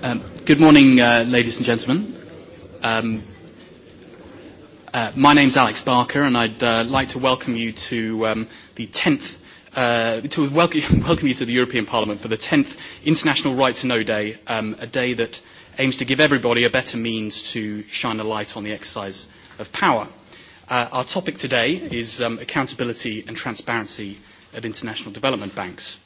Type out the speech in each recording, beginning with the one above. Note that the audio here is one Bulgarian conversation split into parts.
Um, good morning, uh, ladies and gentlemen. Um, uh, my name's Alex Barker, and I'd uh, like to welcome you to um, the 10th, uh, to welcome, welcome you to the European Parliament for the 10th International Right to Know Day, um, a day that aims to give everybody a better means to shine a light on the exercise of power. Uh, our topic today is um, accountability and transparency at international development banks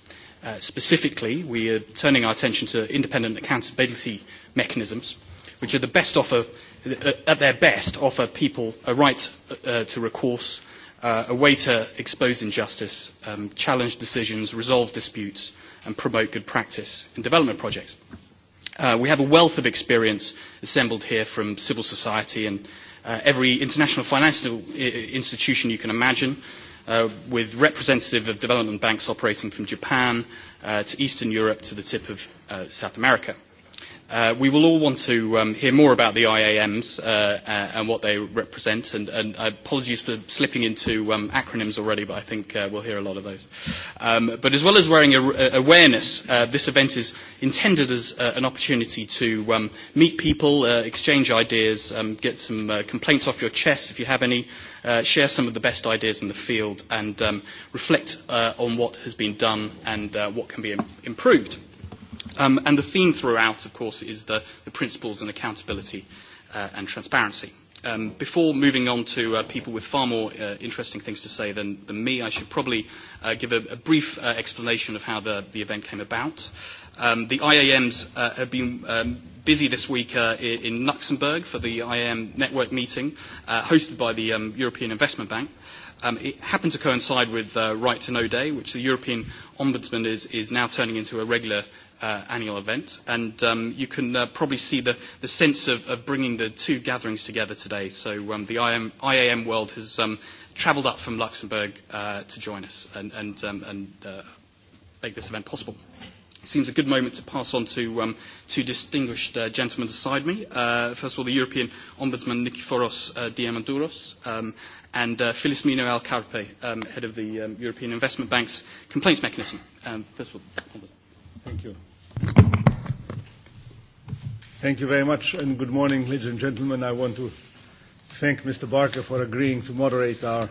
specifically, we are turning our attention to independent accountability mechanisms, which are the best offer, at their best, offer people a right to recourse, a way to expose injustice, challenge decisions, resolve disputes, and promote good practice in development projects. we have a wealth of experience assembled here from civil society and every international financial institution you can imagine, uh, with representative of development banks operating from Japan uh, to Eastern Europe to the tip of uh, South America we will all want to hear more about the IAMs and what they represent. And, and apologies for slipping into um acronyms already, but I think uh, we'll hear a lot of those. but as well as wearing a awareness, this event is intended as an opportunity to meet people, uh exchange ideas, um, get some uh complaints off your chest if you have any, uh share some of the best ideas in the field, and um reflect uh on what has been done and uh what can be improved. Um, and the theme throughout, of course, is the, the principles and accountability uh, and transparency. Um, before moving on to uh, people with far more uh, interesting things to say than, than me, I should probably uh, give a, a brief uh, explanation of how the, the event came about. Um, the IAMs uh, have been um, busy this week uh, in Luxembourg for the IAM network meeting uh, hosted by the um, European Investment Bank. Um, it happened to coincide with uh, Right to Know Day, which the European Ombudsman is, is now turning into a regular uh, annual event. And um, you can uh, probably see the, the sense of, of bringing the two gatherings together today. So um, the IAM, IAM world has um, travelled up from Luxembourg uh, to join us and, and, um, and uh, make this event possible. It seems a good moment to pass on to um, two distinguished uh, gentlemen beside me. Uh, first of all, the European Ombudsman Nikiforos uh, Diamandouros um, and uh, Phyllis Mino Alcarpe, um, head of the um, European Investment Bank's complaints mechanism. Um, first of all, Thank you. Thank you very much, and good morning, ladies and gentlemen. I want to thank Mr. Barker for agreeing to moderate our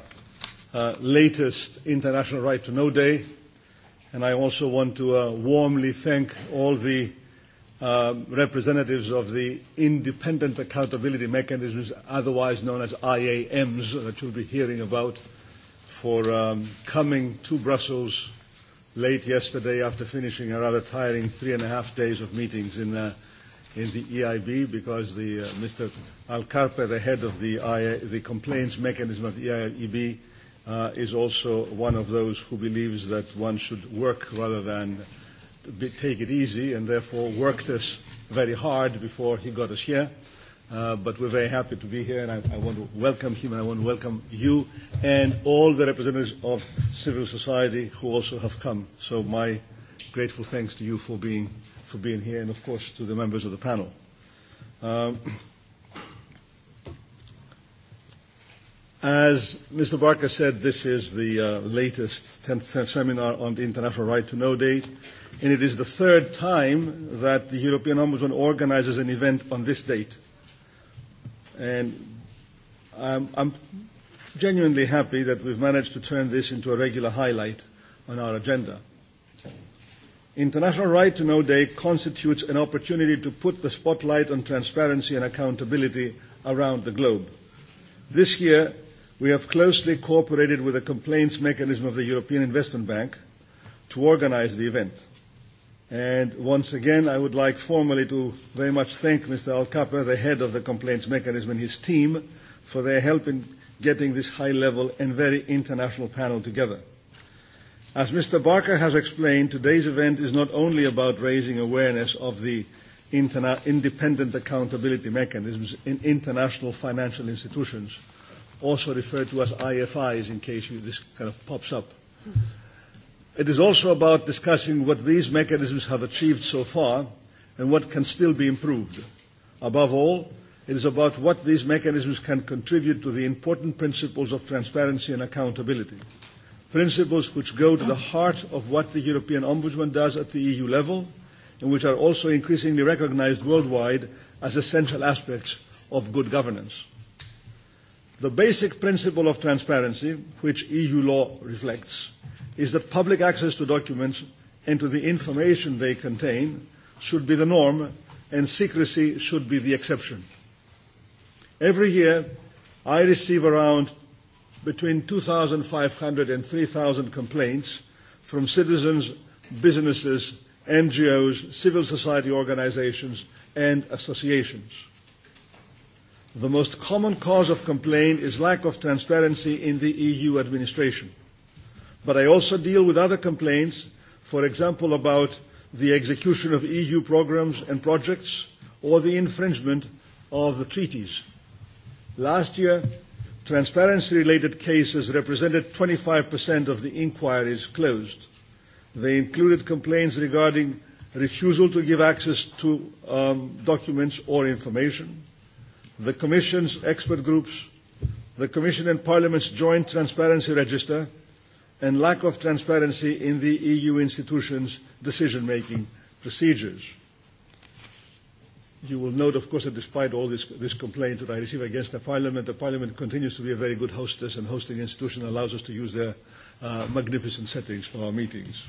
uh, latest International Right to Know Day. And I also want to uh, warmly thank all the uh, representatives of the Independent Accountability Mechanisms, otherwise known as IAMs, that you'll be hearing about, for um, coming to Brussels late yesterday after finishing a rather tiring three and a half days of meetings in, uh, in the EIB because the, uh, Mr. Alcarpe, the head of the, IA, the complaints mechanism of the EIB, uh, is also one of those who believes that one should work rather than be, take it easy and therefore worked us very hard before he got us here. Uh, but we're very happy to be here, and I, I want to welcome him, and I want to welcome you and all the representatives of civil society who also have come. So my grateful thanks to you for being, for being here, and of course to the members of the panel. Um, As Mr. Barker said, this is the uh, latest 10th seminar on the International Right to Know Day, and it is the third time that the European Ombudsman organizes an event on this date. And I'm, I'm genuinely happy that we've managed to turn this into a regular highlight on our agenda. International Right to Know Day constitutes an opportunity to put the spotlight on transparency and accountability around the globe. This year, we have closely cooperated with the complaints mechanism of the European Investment Bank to organise the event. And once again, I would like formally to very much thank Mr. Al the head of the complaints mechanism, and his team for their help in getting this high level and very international panel together. As Mr. Barker has explained, today's event is not only about raising awareness of the interna- independent accountability mechanisms in international financial institutions, also referred to as IFIs in case you, this kind of pops up. It is also about discussing what these mechanisms have achieved so far and what can still be improved. Above all, it is about what these mechanisms can contribute to the important principles of transparency and accountability, principles which go to the heart of what the European Ombudsman does at the EU level and which are also increasingly recognized worldwide as essential aspects of good governance. The basic principle of transparency, which EU law reflects, is that public access to documents and to the information they contain should be the norm and secrecy should be the exception. Every year, I receive around between 2,500 and 3,000 complaints from citizens, businesses, NGOs, civil society organizations, and associations. The most common cause of complaint is lack of transparency in the EU administration. But I also deal with other complaints, for example, about the execution of EU programs and projects or the infringement of the treaties. Last year, transparency-related cases represented 25% of the inquiries closed. They included complaints regarding refusal to give access to um, documents or information, the Commission's expert groups, the Commission and Parliament's joint transparency register, and lack of transparency in the EU institutions' decision-making procedures. You will note, of course, that despite all this, this complaint that I receive against the Parliament, the Parliament continues to be a very good hostess and hosting institution allows us to use their uh, magnificent settings for our meetings.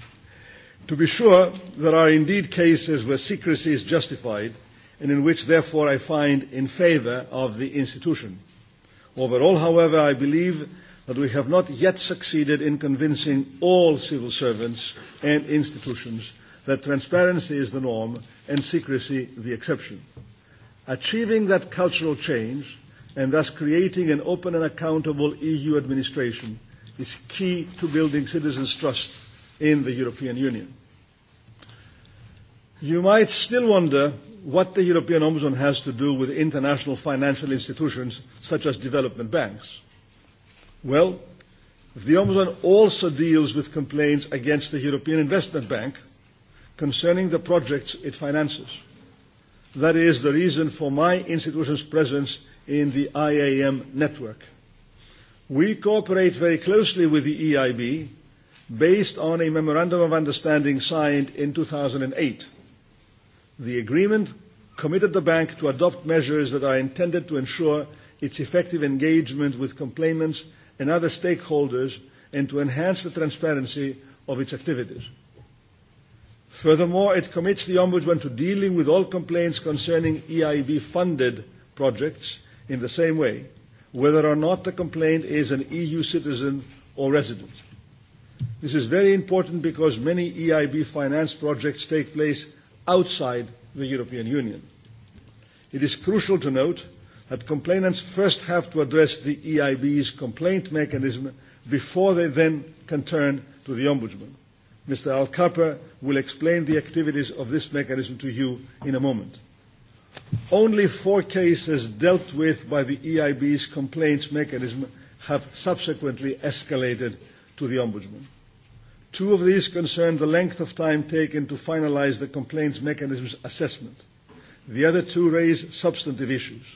To be sure, there are indeed cases where secrecy is justified and in which, therefore, I find in favour of the institution. Overall, however, I believe But we have not yet succeeded in convincing all civil servants and institutions that transparency is the norm and secrecy the exception. Achieving that cultural change and thus creating an open and accountable EU administration is key to building citizens' trust in the European Union. You might still wonder what the European Ombudsman has to do with international financial institutions such as development banks. Well, the Ombudsman also deals with complaints against the European Investment Bank concerning the projects it finances. That is the reason for my institution's presence in the IAM network. We cooperate very closely with the EIB based on a memorandum of understanding signed in 2008. The agreement committed the bank to adopt measures that are intended to ensure its effective engagement with complainants and other stakeholders and to enhance the transparency of its activities. Furthermore, it commits the Ombudsman to dealing with all complaints concerning EIB-funded projects in the same way, whether or not the complaint is an EU citizen or resident. This is very important because many EIB-financed projects take place outside the European Union. It is crucial to note that complainants first have to address the EIB's complaint mechanism before they then can turn to the Ombudsman. Mr. Al Kapper will explain the activities of this mechanism to you in a moment. Only four cases dealt with by the EIB's complaints mechanism have subsequently escalated to the Ombudsman. Two of these concern the length of time taken to finalise the complaints mechanism's assessment. The other two raise substantive issues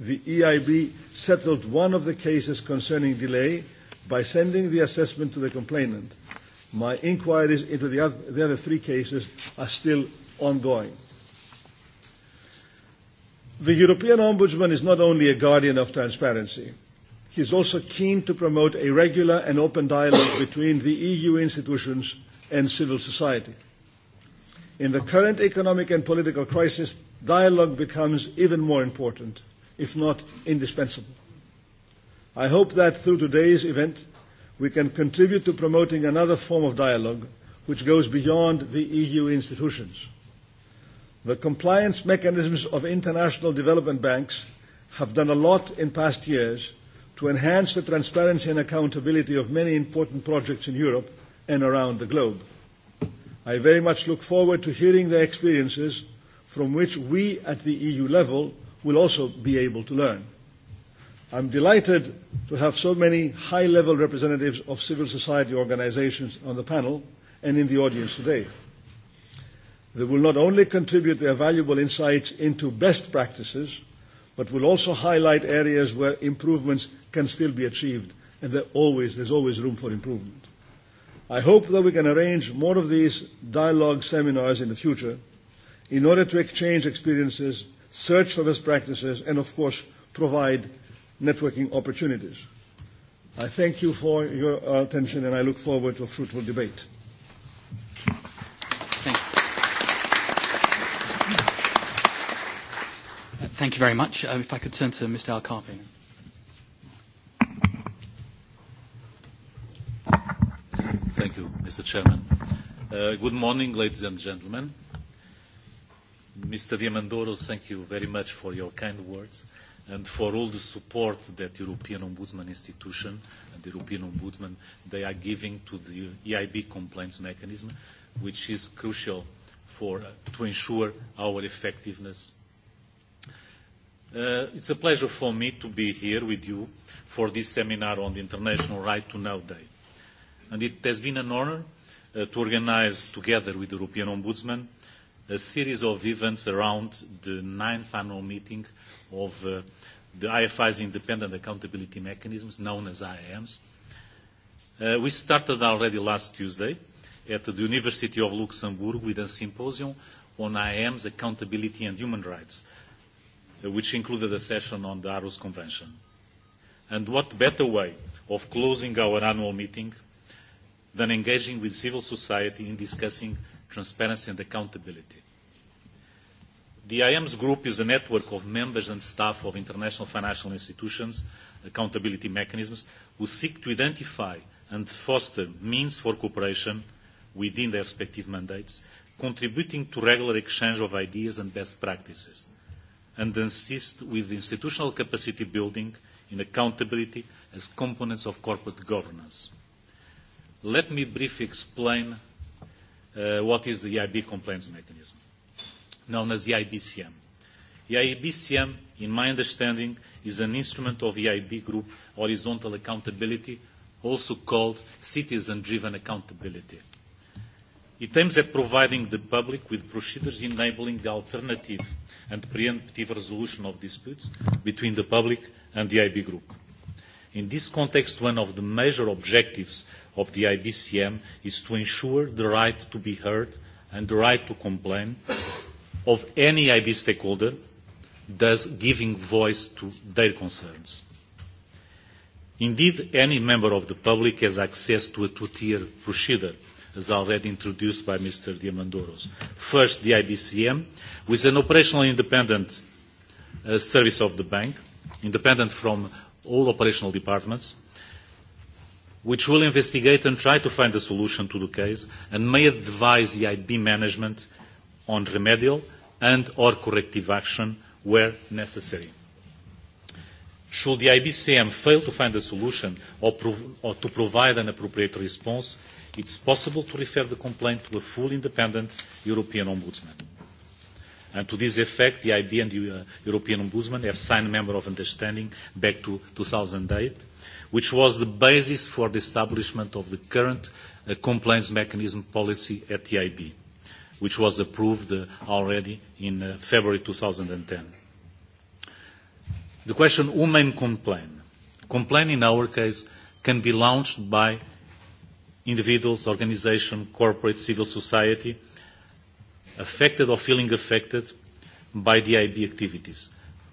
the EIB settled one of the cases concerning delay by sending the assessment to the complainant. My inquiries into the other, the other three cases are still ongoing. The European Ombudsman is not only a guardian of transparency, he is also keen to promote a regular and open dialogue between the EU institutions and civil society. In the current economic and political crisis, dialogue becomes even more important if not indispensable. I hope that through today's event we can contribute to promoting another form of dialogue which goes beyond the EU institutions. The compliance mechanisms of international development banks have done a lot in past years to enhance the transparency and accountability of many important projects in Europe and around the globe. I very much look forward to hearing their experiences from which we at the EU level will also be able to learn. I'm delighted to have so many high-level representatives of civil society organizations on the panel and in the audience today. They will not only contribute their valuable insights into best practices, but will also highlight areas where improvements can still be achieved, and there always, there's always room for improvement. I hope that we can arrange more of these dialogue seminars in the future in order to exchange experiences search for best practices, and of course, provide networking opportunities. I thank you for your attention, and I look forward to a fruitful debate. Thank you very much. Uh, if I could turn to Mr. Alcarpi. Thank you, Mr. Chairman. Uh, good morning, ladies and gentlemen. Mr. Diamandouros, thank you very much for your kind words and for all the support that the European Ombudsman Institution and the European Ombudsman, they are giving to the EIB complaints mechanism, which is crucial for, to ensure our effectiveness. Uh, it's a pleasure for me to be here with you for this seminar on the International Right to Know Day. And it has been an honor uh, to organize together with the European Ombudsman a series of events around the ninth annual meeting of uh, the IFI's independent accountability mechanisms, known as IAMs. Uh, we started already last Tuesday at the University of Luxembourg with a symposium on IAMs, accountability and human rights, which included a session on the Aarhus Convention. And what better way of closing our annual meeting than engaging with civil society in discussing transparency and accountability. The IAMS group is a network of members and staff of international financial institutions, accountability mechanisms, who seek to identify and foster means for cooperation within their respective mandates, contributing to regular exchange of ideas and best practices, and assist with institutional capacity building in accountability as components of corporate governance. Let me briefly explain what is the EIB complaints mechanism, known as EIBCM. EIBCM, in my understanding, is an instrument of EIB group horizontal accountability, also called citizen-driven accountability. It aims at providing the public with procedures enabling the alternative and preemptive resolution of disputes between the public and the IB group. In this context, one of the major objectives of the IBCM is to ensure the right to be heard and the right to complain of any IB stakeholder, thus giving voice to their concerns. Indeed, any member of the public has access to a two-tier procedure, as already introduced by Mr. Diamandouros. First, the IBCM, with an operationally independent service of the bank, independent from all operational departments, which will investigate and try to find a solution to the case and may advise the IB management on remedial and or corrective action where necessary. Should the IBCM fail to find a solution or, prov- or to provide an appropriate response, it's possible to refer the complaint to a full independent European Ombudsman. And to this effect, the IB and the uh, European Ombudsman have signed a Member of Understanding back to 2008 which was the basis for the establishment of the current complaints mechanism policy at the EIB, which was approved already in uh, February 2010. The question, who may complain? Complaint in our case can be launched by individuals, organizations, corporate, civil society affected or feeling affected by the IB activities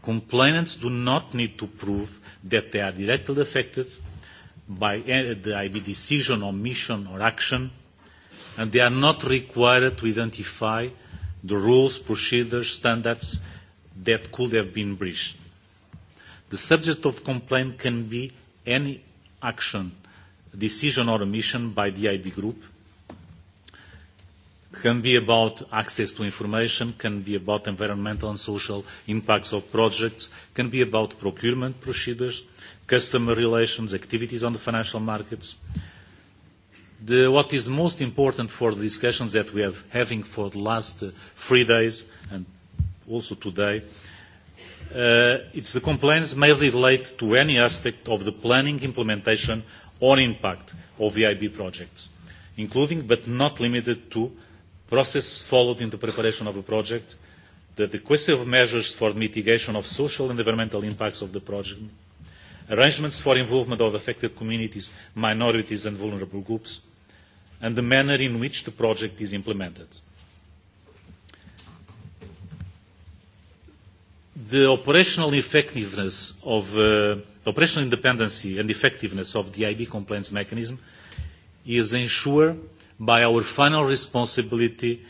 complainants do not need to prove that they are directly affected by the IB decision, omission, or action, and they are not required to identify the rules, procedures, standards that could have been breached. The subject of complaint can be any action, decision, or omission by the IB group – can be about access to information, can be about environmental and social impacts of projects, can be about procurement procedures, customer relations, activities on the financial markets. The, what is most important for the discussions that we are having for the last three days and also today, uh, it's the complaints may relate to any aspect of the planning, implementation or impact of the IB projects, including but not limited to process followed in the preparation of the project, the decisive measures for mitigation of social and environmental impacts of the project, arrangements for involvement of affected communities, minorities and vulnerable groups, and the manner in which the project is implemented. The operational effectiveness of uh, operational independency and effectiveness of the IB complaints mechanism is ensure by our final responsibility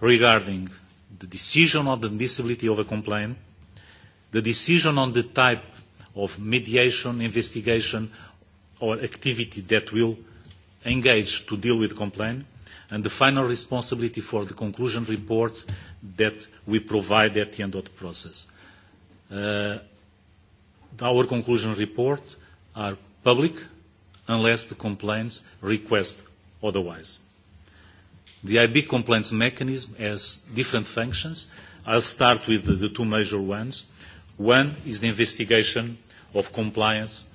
regarding the decision on the admissibility of a complaint, the decision on the type of mediation, investigation or activity that will engage to deal with complaint, and the final responsibility for the conclusion report that we provide at the end of the process. Uh, our conclusion report are public unless the complaints request otherwise. The IB complaints mechanism has different functions. I'll start with the, the two major ones. One is the investigation of compliance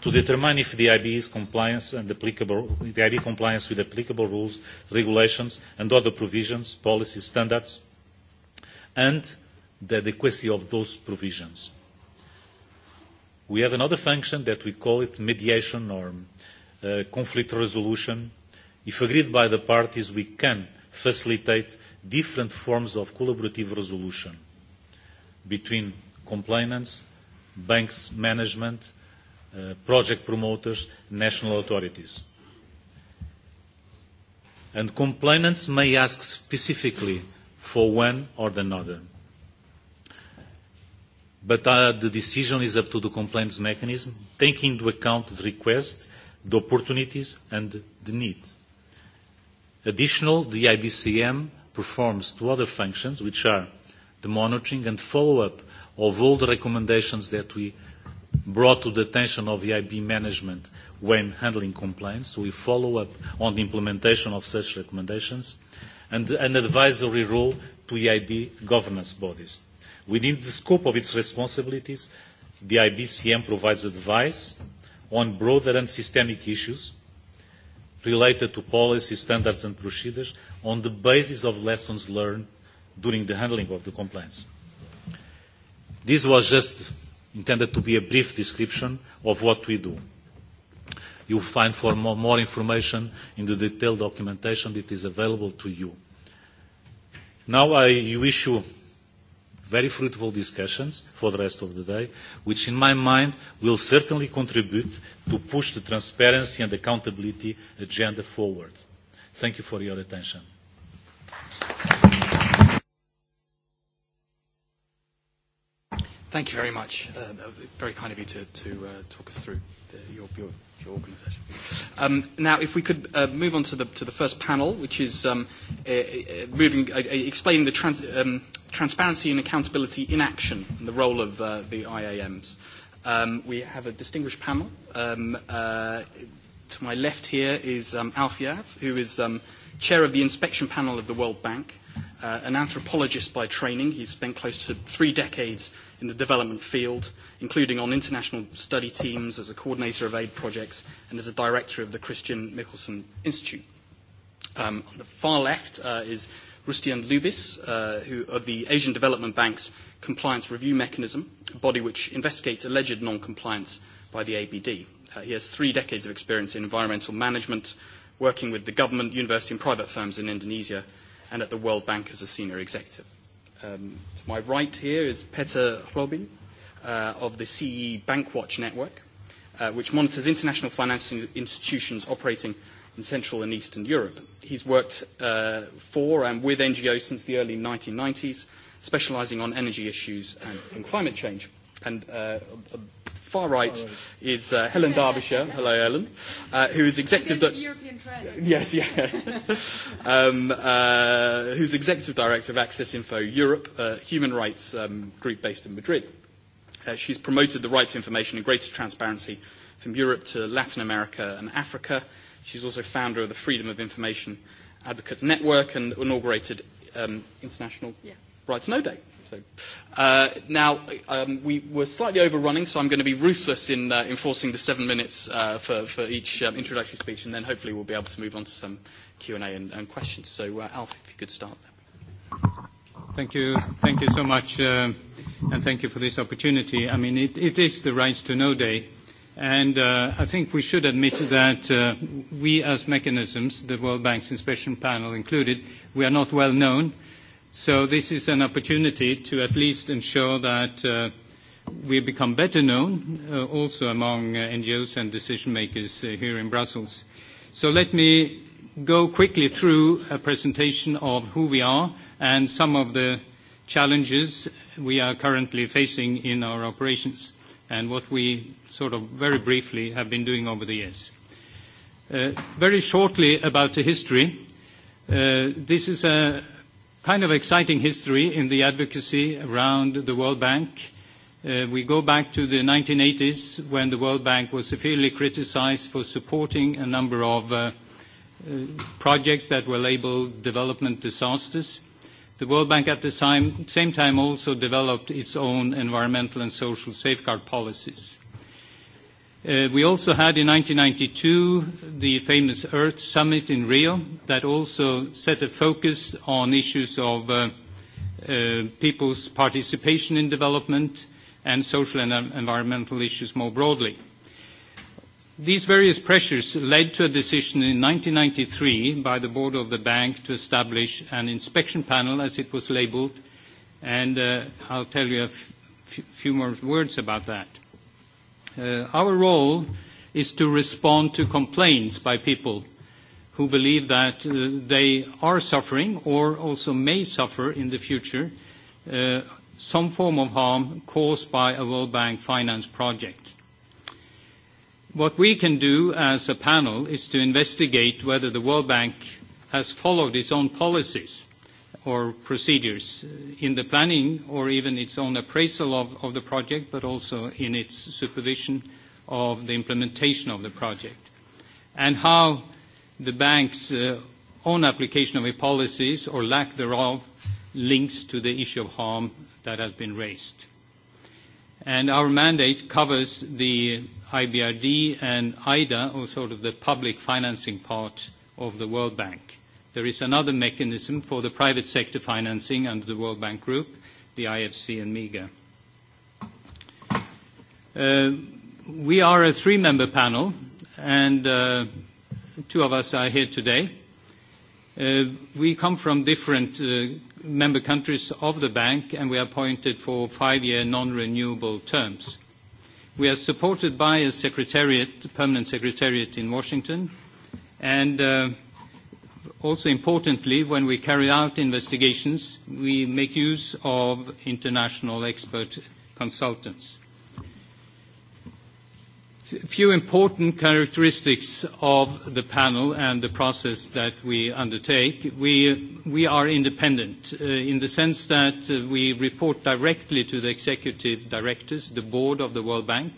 to determine if the IB is compliance and applicable, the IB compliance with applicable rules, regulations and other provisions, policies, standards, and the adequacy of those provisions. We have another function that we call it mediation or conflict resolution If agreed by the parties, we can facilitate different forms of collaborative resolution between complainants, banks management, uh, project promoters, national authorities. And complainants may ask specifically for one or the other. But uh, the decision is up to the complaints mechanism, taking into account the request, the opportunities and the need. Additionally, the IBCM performs two other functions, which are the monitoring and follow-up of all the recommendations that we brought to the attention of EIB management when handling complaints. We follow up on the implementation of such recommendations and an advisory role to EIB governance bodies. Within the scope of its responsibilities, the IBCM provides advice on broader and systemic issues related to policy standards and procedures on the basis of lessons learned during the handling of the complaints. This was just intended to be a brief description of what we do. You will find for more, more information in the detailed documentation that is available to you. Now I wish you very fruitful discussions for the rest of the day, which in my mind will certainly contribute to push the transparency and accountability agenda forward. Thank you for your attention. Thank you very much. very kind of you to, uh, talk us through your, your, your Um, now, if we could uh, move on to the, to the first panel, which is um, uh, moving, uh, explaining the trans, um, transparency and accountability in action and the role of uh, the IAMs. Um, we have a distinguished panel. Um, uh, to my left here is um, Alf Yav, who is um, chair of the inspection panel of the World Bank, uh, an anthropologist by training. He's spent close to three decades in the development field, including on international study teams as a coordinator of aid projects and as a director of the Christian Mickelson Institute. Um, on the far left uh, is Rustian Lubis, uh, who of the Asian Development Bank's Compliance Review Mechanism, a body which investigates alleged non-compliance by the ABD. Uh, he has three decades of experience in environmental management, working with the government, university and private firms in Indonesia, and at the World Bank as a senior executive. Um, to my right here is Peter Hlobin uh, of the CE Bankwatch Network, uh, which monitors international financial institutions operating in Central and Eastern Europe. He's worked uh, for and with NGOs since the early 1990s, specializing on energy issues and, and climate change. And uh, far right is uh, Helen Derbyshire. Hello, Helen. Uh, who is executive. Di- European trade Yes, yeah. um, uh, who's executive director of Access Info Europe, a human rights um, group based in Madrid. Uh, she's promoted the right to information and greater transparency from Europe to Latin America and Africa. She's also founder of the Freedom of Information Advocates Network and inaugurated um, International yeah. Rights No Day So, uh, now, um, we were slightly overrunning, so I'm going to be ruthless in uh, enforcing the seven minutes uh, for, for each um, introductory speech, and then hopefully we'll be able to move on to some Q&A and, and questions. So, uh, Alf, if you could start there. Thank you. Thank you so much, uh, and thank you for this opportunity. I mean, it, it is the Rights to Know Day, And uh, I think we should admit that uh, we as mechanisms, the World Bank's inspection panel included, we are not well known. So this is an opportunity to at least ensure that we become better known also among NGOs and decision-makers here in Brussels. So let me go quickly through a presentation of who we are and some of the challenges we are currently facing in our operations and what we sort of very briefly have been doing over the years. Very shortly about the history. This is a kind of exciting history in the advocacy around the World Bank. We go back to the 1980s when the World Bank was severely criticized for supporting a number of projects that were labeled development disasters. The World Bank at the same time also developed its own environmental and social safeguard policies. Uh, we also had in 1992 the famous Earth Summit in Rio that also set a focus on issues of uh, uh, people's participation in development and social and environmental issues more broadly. These various pressures led to a decision in 1993 by the board of the bank to establish an inspection panel, as it was labeled, and uh, I'll tell you a f- few more words about that our role is to respond to complaints by people who believe that they are suffering or also may suffer in the future some form of harm caused by a World Bank finance project. What we can do as a panel is to investigate whether the World Bank has followed its own policies or procedures in the planning or even its own appraisal of, of the project, but also in its supervision of the implementation of the project. And how the bank's uh, own application of a policies or lack thereof links to the issue of harm that has been raised. And our mandate covers the IBRD and IDA, or sort of the public financing part of the World Bank There is another mechanism for the private sector financing under the World Bank Group, the IFC and MIGA. We are a three-member panel, and uh, two of us are here today. Uh, we come from different uh, member countries of the bank, and we are appointed for five-year non-renewable terms. We are supported by a secretariat, permanent secretariat in Washington, and also importantly, when we carry out investigations, we make use of international expert consultants. A few important characteristics of the panel and the process that we undertake. We, we are independent uh, in the sense that uh, we report directly to the executive directors, the board of the World Bank.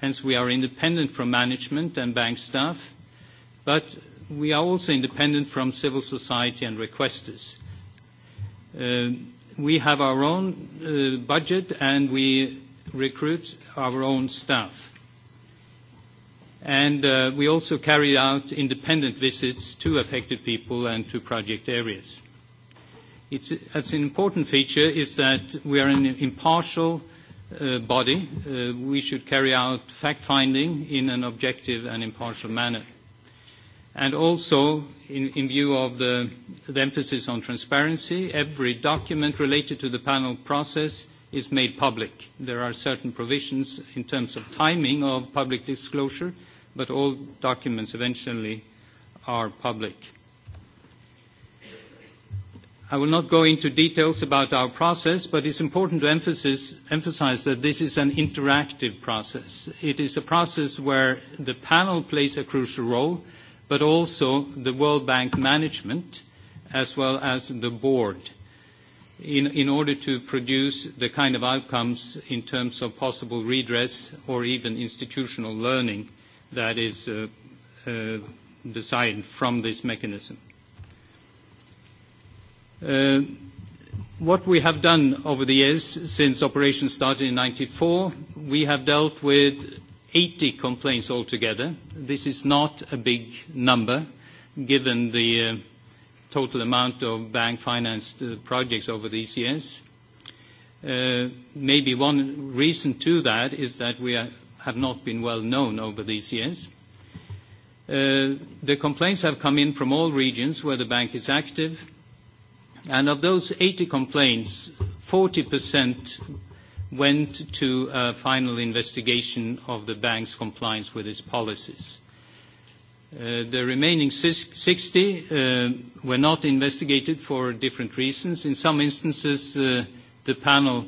Hence, we are independent from management and bank staff. But we are also independent from civil society and requesters. We have our own budget, and we recruit our own staff. And we also carry out independent visits to affected people and to project areas. It's an important feature is that we are an impartial body. We should carry out fact-finding in an objective and impartial manner And also, in view of the emphasis on transparency, every document related to the panel process is made public. There are certain provisions in terms of timing of public disclosure, but all documents eventually are public. I will not go into details about our process, but it's important to emphasize that this is an interactive process. It is a process where the panel plays a crucial role, but also the World Bank management as well as the board in, in order to produce the kind of outcomes in terms of possible redress or even institutional learning that is designed desired from this mechanism. what we have done over the years since operations started in 1994, we have dealt with 80 complaints altogether. This is not a big number given the total amount of bank-financed projects over these years. Maybe one reason to that is that we have not been well known over these years. The complaints have come in from all regions where the bank is active, and of those 80 complaints, 40% went to a final investigation of the bank's compliance with its policies. The remaining 60 were not investigated for different reasons. In some instances, the panel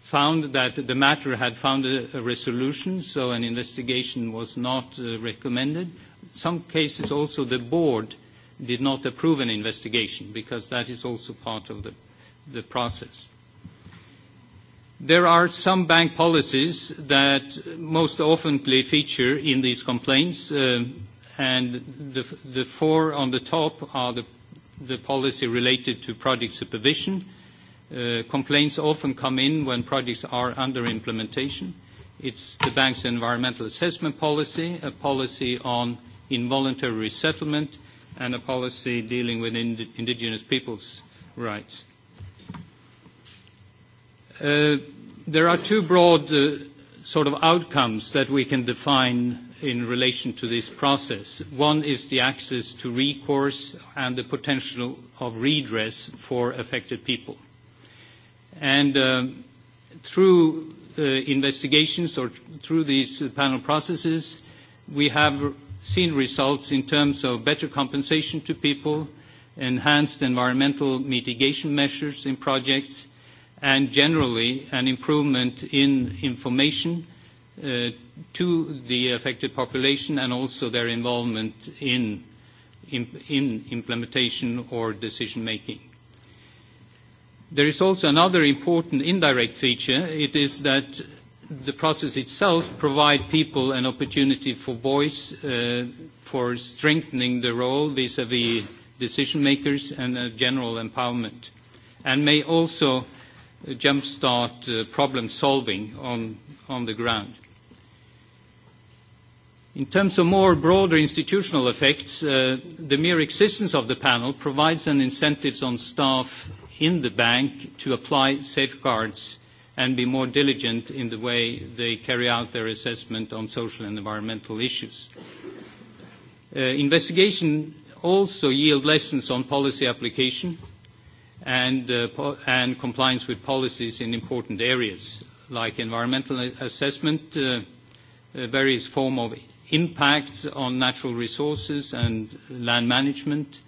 found that the matter had found a resolution, so an investigation was not recommended. Some cases also, the board did not approve an investigation because that is also part of the process. There are some bank policies that most often feature in these complaints, and the four on the top are the policy related to project supervision. Complaints often come in when projects are under implementation. It's the bank's environmental assessment policy, a policy on involuntary resettlement, and a policy dealing with indigenous peoples' rights There are two broad sort of outcomes that we can define in relation to this process. One is the access to recourse and the potential of redress for affected people. And through investigations or through these panel processes, we have seen results in terms of better compensation to people, enhanced environmental mitigation measures in projects, and generally an improvement in information to the affected population and also their involvement in in implementation or decision-making. There is also another important indirect feature. It is that the process itself provides people an opportunity for voice, for strengthening the role vis-à-vis decision-makers and a general empowerment, and may also jumpstart uh, problem solving on, on the ground. In terms of more broader institutional effects, uh, the mere existence of the panel provides an incentive on staff in the bank to apply safeguards and be more diligent in the way they carry out their assessment on social and environmental issues. Uh, investigation also yield lessons on policy application and, compliance with policies in important areas like environmental assessment, various form of impacts on natural resources and land management,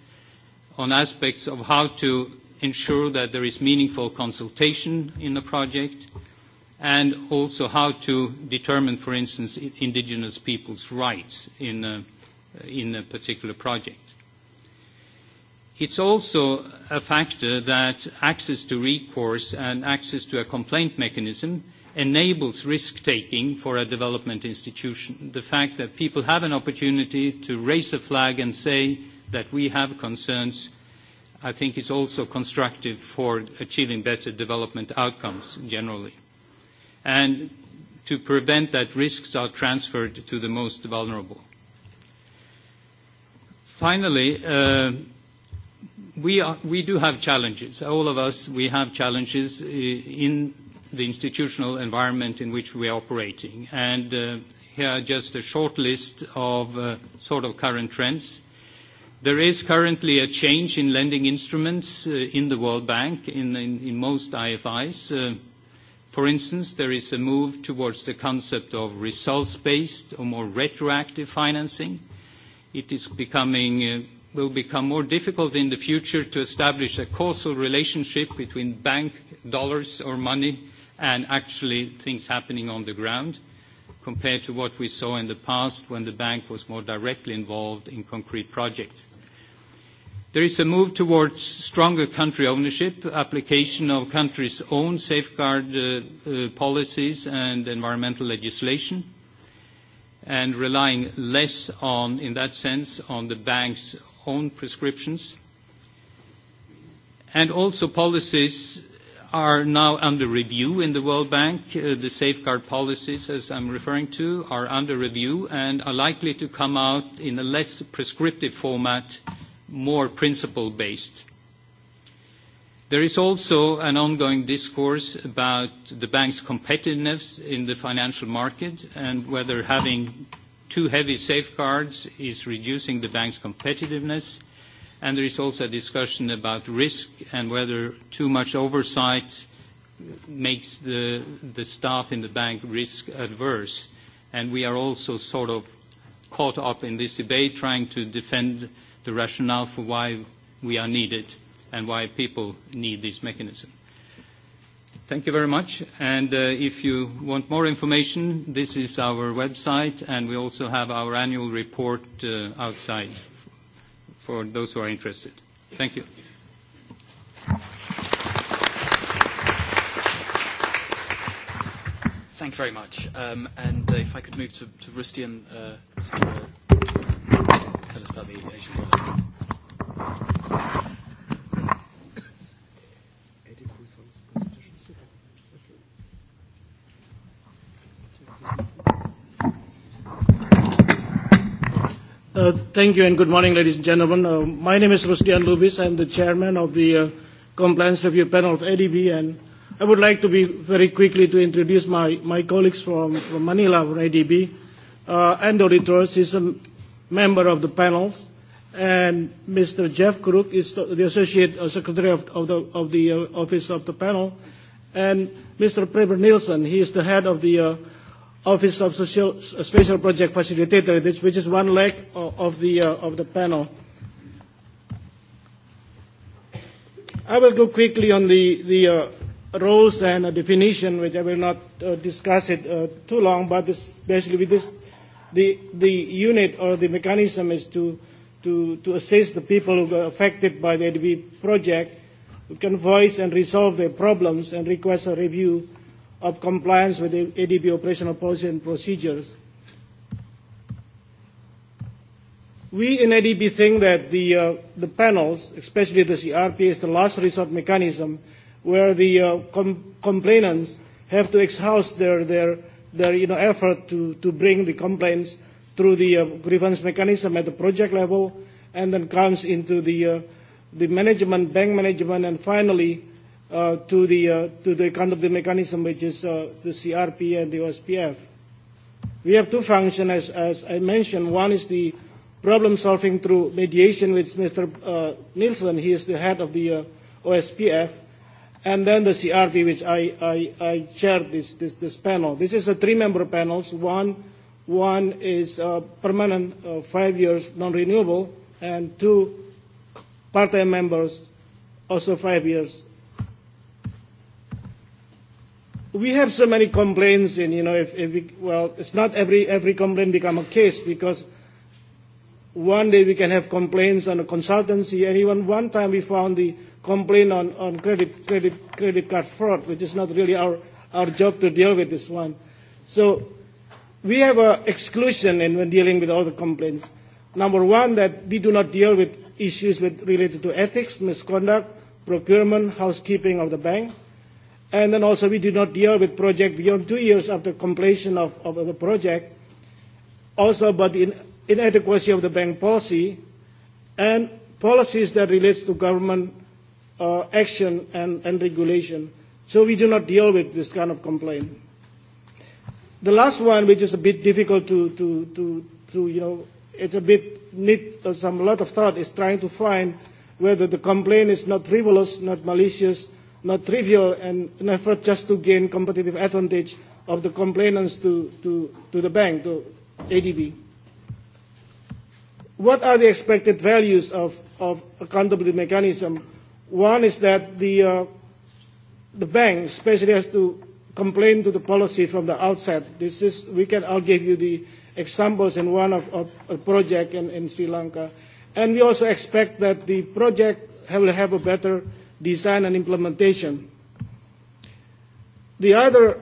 on aspects of how to ensure that there is meaningful consultation in the project, and also how to determine, for instance, indigenous people's rights in a particular project. It's also a factor that access to recourse and access to a complaint mechanism enables risk-taking for a development institution. The fact that people have an opportunity to raise a flag and say that we have concerns, I think is also constructive for achieving better development outcomes generally. And to prevent that risks are transferred to the most vulnerable. Finally, we, are, we do have challenges. All of us, we have challenges in the institutional environment in which we are operating. And uh, here are just a short list of uh, sort of current trends. There is currently a change in lending instruments uh, in the World Bank, in, in, in most IFIs. Uh, for instance, there is a move towards the concept of results-based or more retroactive financing. It is becoming uh, will become more difficult in the future to establish a causal relationship between bank dollars or money and actually things happening on the ground compared to what we saw in the past when the bank was more directly involved in concrete projects. There is a move towards stronger country ownership, application of countries' own safeguard policies and environmental legislation, and relying less on, in that sense, on the bank's own prescriptions. And also policies are now under review in the World Bank. The safeguard policies, as I'm referring to, are under review and are likely to come out in a less prescriptive format, more principle-based. There is also an ongoing discourse about the bank's competitiveness in the financial market and whether having too heavy safeguards is reducing the bank's competitiveness, and there is also a discussion about risk and whether too much oversight makes the staff in the bank risk adverse. and We are also sort of caught up in this debate, trying to defend the rationale for why we are needed and why people need this mechanism. Thank you very much. if you want more information, this is our website, and we also have our annual report outside for those who are interested. Thank you. Thank you very much. if I could move to, to to tell us about the Asian World. Thank you, and good morning, ladies and gentlemen. My name is Rusdian Lubis. I'm the chairman of the Compliance Review Panel of ADB, and I would like to be very quickly to introduce my my colleagues from Manila, from ADB. Ando Ritros is a member of the panel, and Mr. Jeff Crook is the associate secretary of of the of the office of the panel, and Mr. Preben Nielsen, he is the head of the Office of Social, Special Project Facilitator, which is one leg of the, uh, of the panel. I will go quickly on the, the uh, roles and uh, definition, which I will not uh, discuss it uh, too long, but it's basically with this, the, the unit or the mechanism is to, to, to assist the people who are affected by the ADB project, who can voice and resolve their problems and request a review of compliance with the ADB operational policy and procedures. We in ADB think that the, uh, the panels, especially the CRP, is the last resort mechanism where the uh, com- complainants have to exhaust their, their, their you know, effort to, to bring the complaints through the uh, grievance mechanism at the project level and then comes into the, uh, the management, bank management, and finally uh, to, the, uh, to the kind of the mechanism which is uh, the CRP and the OSPF. We have two functions, as, as I mentioned. One is the problem solving through mediation with Mr. Uh, Nielsen. He is the head of the uh, OSPF. And then the CRP, which I, I, I chaired this, this, this panel. This is a three-member panel. One, one is uh, permanent, uh, five years, non-renewable, and two part-time members, also five years, we have so many complaints, and you know, if, if we, well, it's not every every complaint become a case because one day we can have complaints on a consultancy, and even one time we found the complaint on, on credit credit credit card fraud, which is not really our our job to deal with this one. So we have a exclusion in when dealing with all the complaints. Number one, that we do not deal with issues with, related to ethics, misconduct, procurement, housekeeping of the bank. And then also we do not deal with project beyond two years after completion of, of the project. Also about the inadequacy of the bank policy and policies that relates to government uh, action and, and regulation. So we do not deal with this kind of complaint. The last one, which is a bit difficult to, to, to, to you know, it's a bit need some lot of thought, is trying to find whether the complaint is not frivolous, not malicious, not trivial and an effort just to gain competitive advantage of the complainants to, to, to the bank, to ADB. What are the expected values of, of accountability mechanism? One is that the, uh, the bank especially has to complain to the policy from the outset. This is, we can, I'll give you the examples in one of, of a project in, in Sri Lanka. And we also expect that the project will have a better design and implementation. The other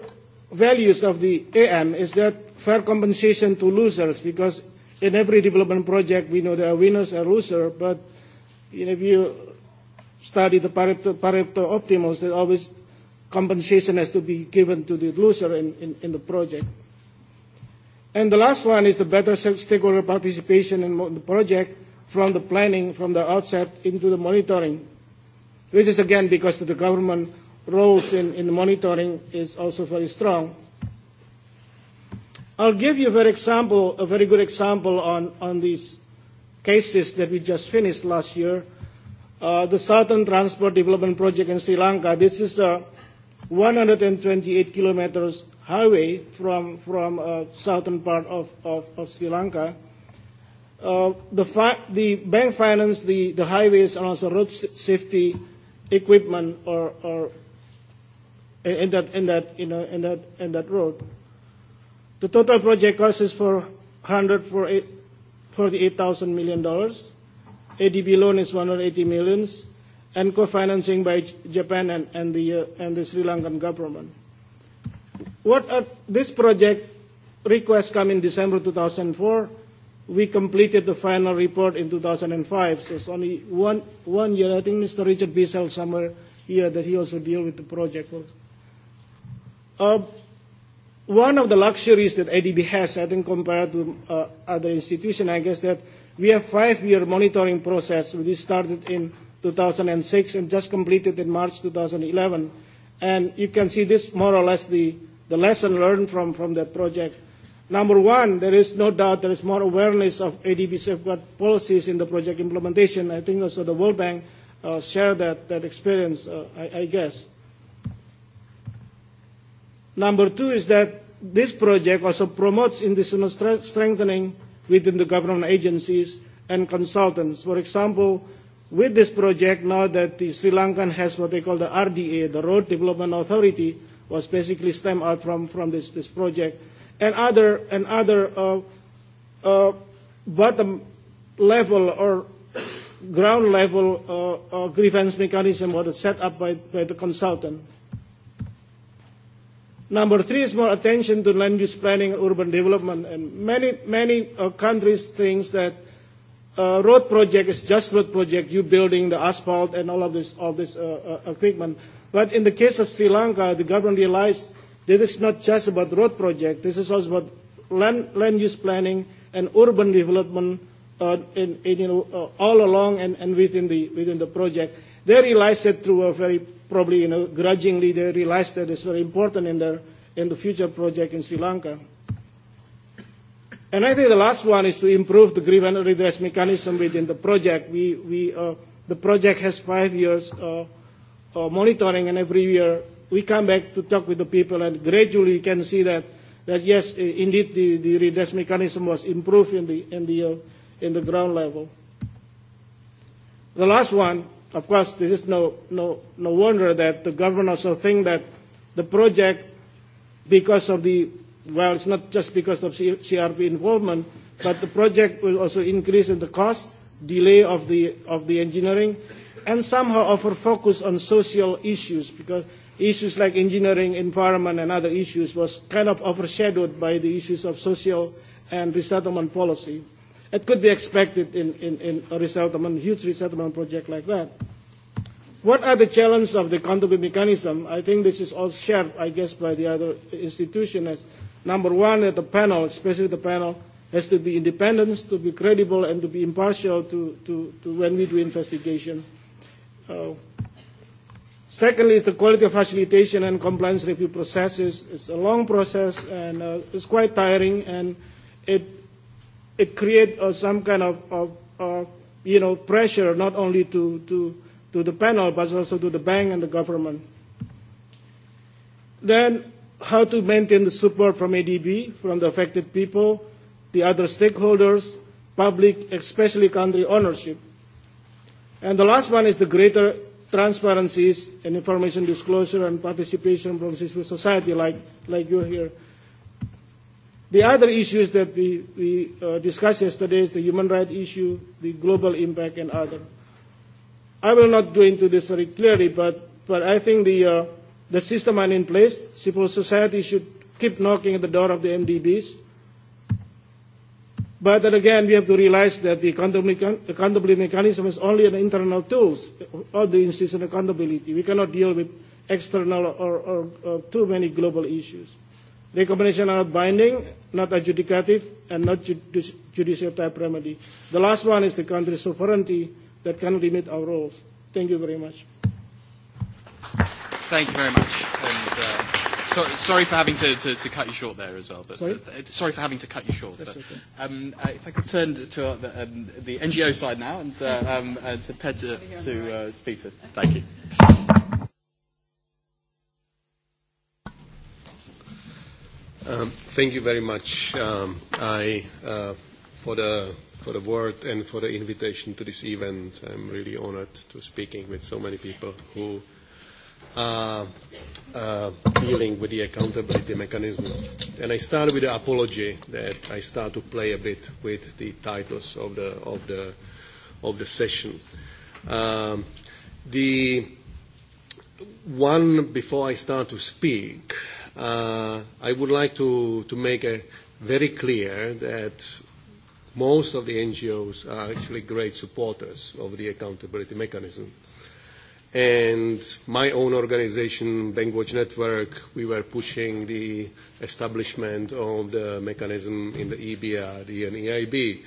values of the AM is that fair compensation to losers, because in every development project we know there are winners and losers, but if you study the Pareto, Pareto optimals, there always compensation has to be given to the loser in, in, in the project. And the last one is the better stakeholder participation in the project from the planning, from the outset into the monitoring which is again because the government roles in, in monitoring is also very strong. I'll give you a very, example, a very good example on, on these cases that we just finished last year. Uh, the Southern Transport Development Project in Sri Lanka. This is a 128 kilometers highway from, from uh, southern part of, of, of Sri Lanka. Uh, the, fi- the bank financed the, the highways and also road safety equipment or, or in that in that you know in that in that road. The total project cost is for thousand million dollars. ADB loan is one hundred eighty millions, and co-financing by Japan and, and the uh, and the Sri Lankan government. What are, this project request come in December 2004 we completed the final report in 2005, so it's only one, one year. I think Mr. Richard Bissell somewhere here that he also deal with the project. Uh, one of the luxuries that ADB has, I think, compared to uh, other institutions, I guess that we have five-year monitoring process. We started in 2006 and just completed in March 2011. And you can see this more or less the, the lesson learned from, from that project Number one, there is no doubt there is more awareness of ADB safeguard policies in the project implementation. I think also the World Bank uh, shared that, that experience, uh, I, I guess. Number two is that this project also promotes institutional strengthening within the government agencies and consultants. For example, with this project, now that the Sri Lankan has what they call the RDA, the Road Development Authority, was basically stemmed out from, from this, this project and other and other uh, uh, bottom level or ground level uh, uh, grievance mechanism was set up by, by the consultant. Number three is more attention to land use planning and urban development. And many, many uh, countries think that uh, road project is just road project, you building the asphalt and all of this, all this uh, uh, equipment. But in the case of Sri Lanka, the government realized This is not just about road project. This is also about land, land use planning and urban development uh, in, in, you know, uh, all along and, and within, the, within the project. They realized that through a very, probably you know, grudgingly, they realized that it's very important in, their, in the future project in Sri Lanka. And I think the last one is to improve the grievance redress mechanism within the project. We, we, uh, the project has five years uh, uh, monitoring, and every year we come back to talk with the people, and gradually you can see that, that yes, indeed, the, the redress mechanism was improved in the, in the, uh, in the ground level. The last one, of course, this is no, no, no wonder that the government also think that the project, because of the, well, it's not just because of CRP involvement, but the project will also increase in the cost, delay of the, of the engineering, and somehow over focus on social issues because issues like engineering, environment, and other issues was kind of overshadowed by the issues of social and resettlement policy. It could be expected in, in, in a resettlement, huge resettlement project like that. What are the challenges of the accountable mechanism? I think this is all shared, I guess, by the other institutions. number one, that the panel, especially the panel, has to be independent, to be credible, and to be impartial to, to, to when we do investigation. Uh, Secondly is the quality of facilitation and compliance review processes. It's a long process and uh, it's quite tiring and it, it creates uh, some kind of, of uh, you know, pressure not only to, to, to the panel but also to the bank and the government. Then how to maintain the support from ADB, from the affected people, the other stakeholders, public, especially country ownership. And the last one is the greater transparencies and information disclosure and participation from civil society like, like you here. The other issues that we, we uh, discussed yesterday is the human rights issue, the global impact, and other. I will not go into this very clearly, but, but I think the, uh, the system are in place. Civil society should keep knocking at the door of the MDBs But then again, we have to realize that the accountability mechanism is only an internal tool of the institutional accountability. We cannot deal with external or, or, or too many global issues. Recommendations are not binding, not adjudicative, and not judicial type remedy. The last one is the country's sovereignty that can limit our roles. Thank you very much. Thank you very much. And, uh, Sorry, sorry for having to, to, to cut you short there as well. But sorry, uh, sorry for having to cut you short. But, um, uh, if I could turn to uh, the, um, the NGO side now and uh, um, uh, to Peter to uh, speak to. Thank you. Um, thank you very much. Um, I uh, for the for the word and for the invitation to this event. I'm really honored to speaking with so many people who uh, dealing with the accountability mechanisms. And I start with the apology that I start to play a bit with the titles of the, of the, of the session. Um, the one, before I start to speak, uh, I would like to, to make a very clear that most of the NGOs are actually great supporters of the accountability mechanism. Uh, And my own organization, Bankwatch Network, we were pushing the establishment of the mechanism in the EBRD and EIB.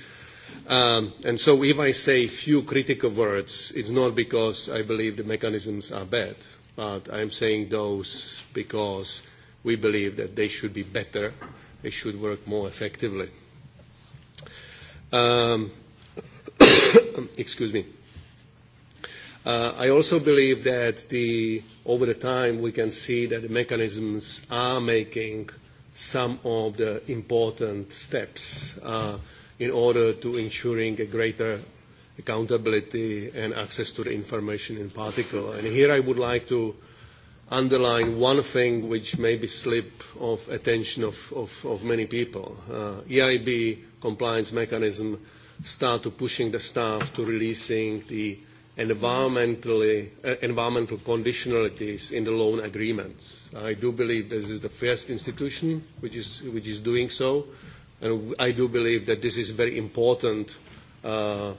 Um, and so if I say few critical words, it's not because I believe the mechanisms are bad, but I'm saying those because we believe that they should be better, they should work more effectively. Um, excuse me. I also believe that over the time we can see that the mechanisms are making some of the important steps in order to ensuring a greater accountability and access to the information in particular. And here I would like to underline one thing which may be slip of attention of, many people. EIB compliance mechanism start to pushing the staff to releasing the environmentally, environmental conditionalities in the loan agreements. I do believe this is the first institution which is, which is doing so, and I do believe that this is a very important, uh,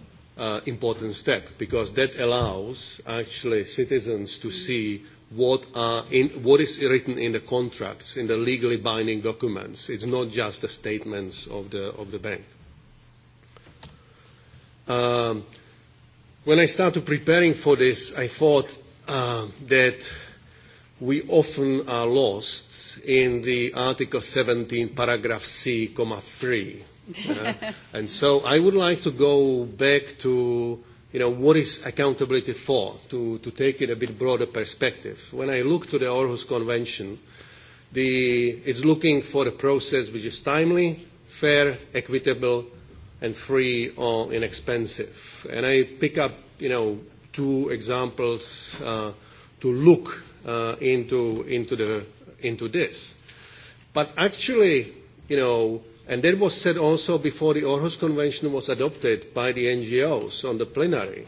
important step because that allows actually citizens to see what, are in, what is written in the contracts, in the legally binding documents. It's not just the statements of the, of the bank. Um, When I started preparing for this, I thought uh, that we often are lost in the Article 17, paragraph C, comma 3. Uh, and so I would like to go back to you know, what is accountability for, to, to take it a bit broader perspective. When I look to the Aarhus Convention, the, it's looking for a process which is timely, fair, equitable, and free or inexpensive. And I pick up, you know, two examples uh, to look uh, into into the into this. But actually, you know, and that was said also before the Aarhus Convention was adopted by the NGOs on the plenary.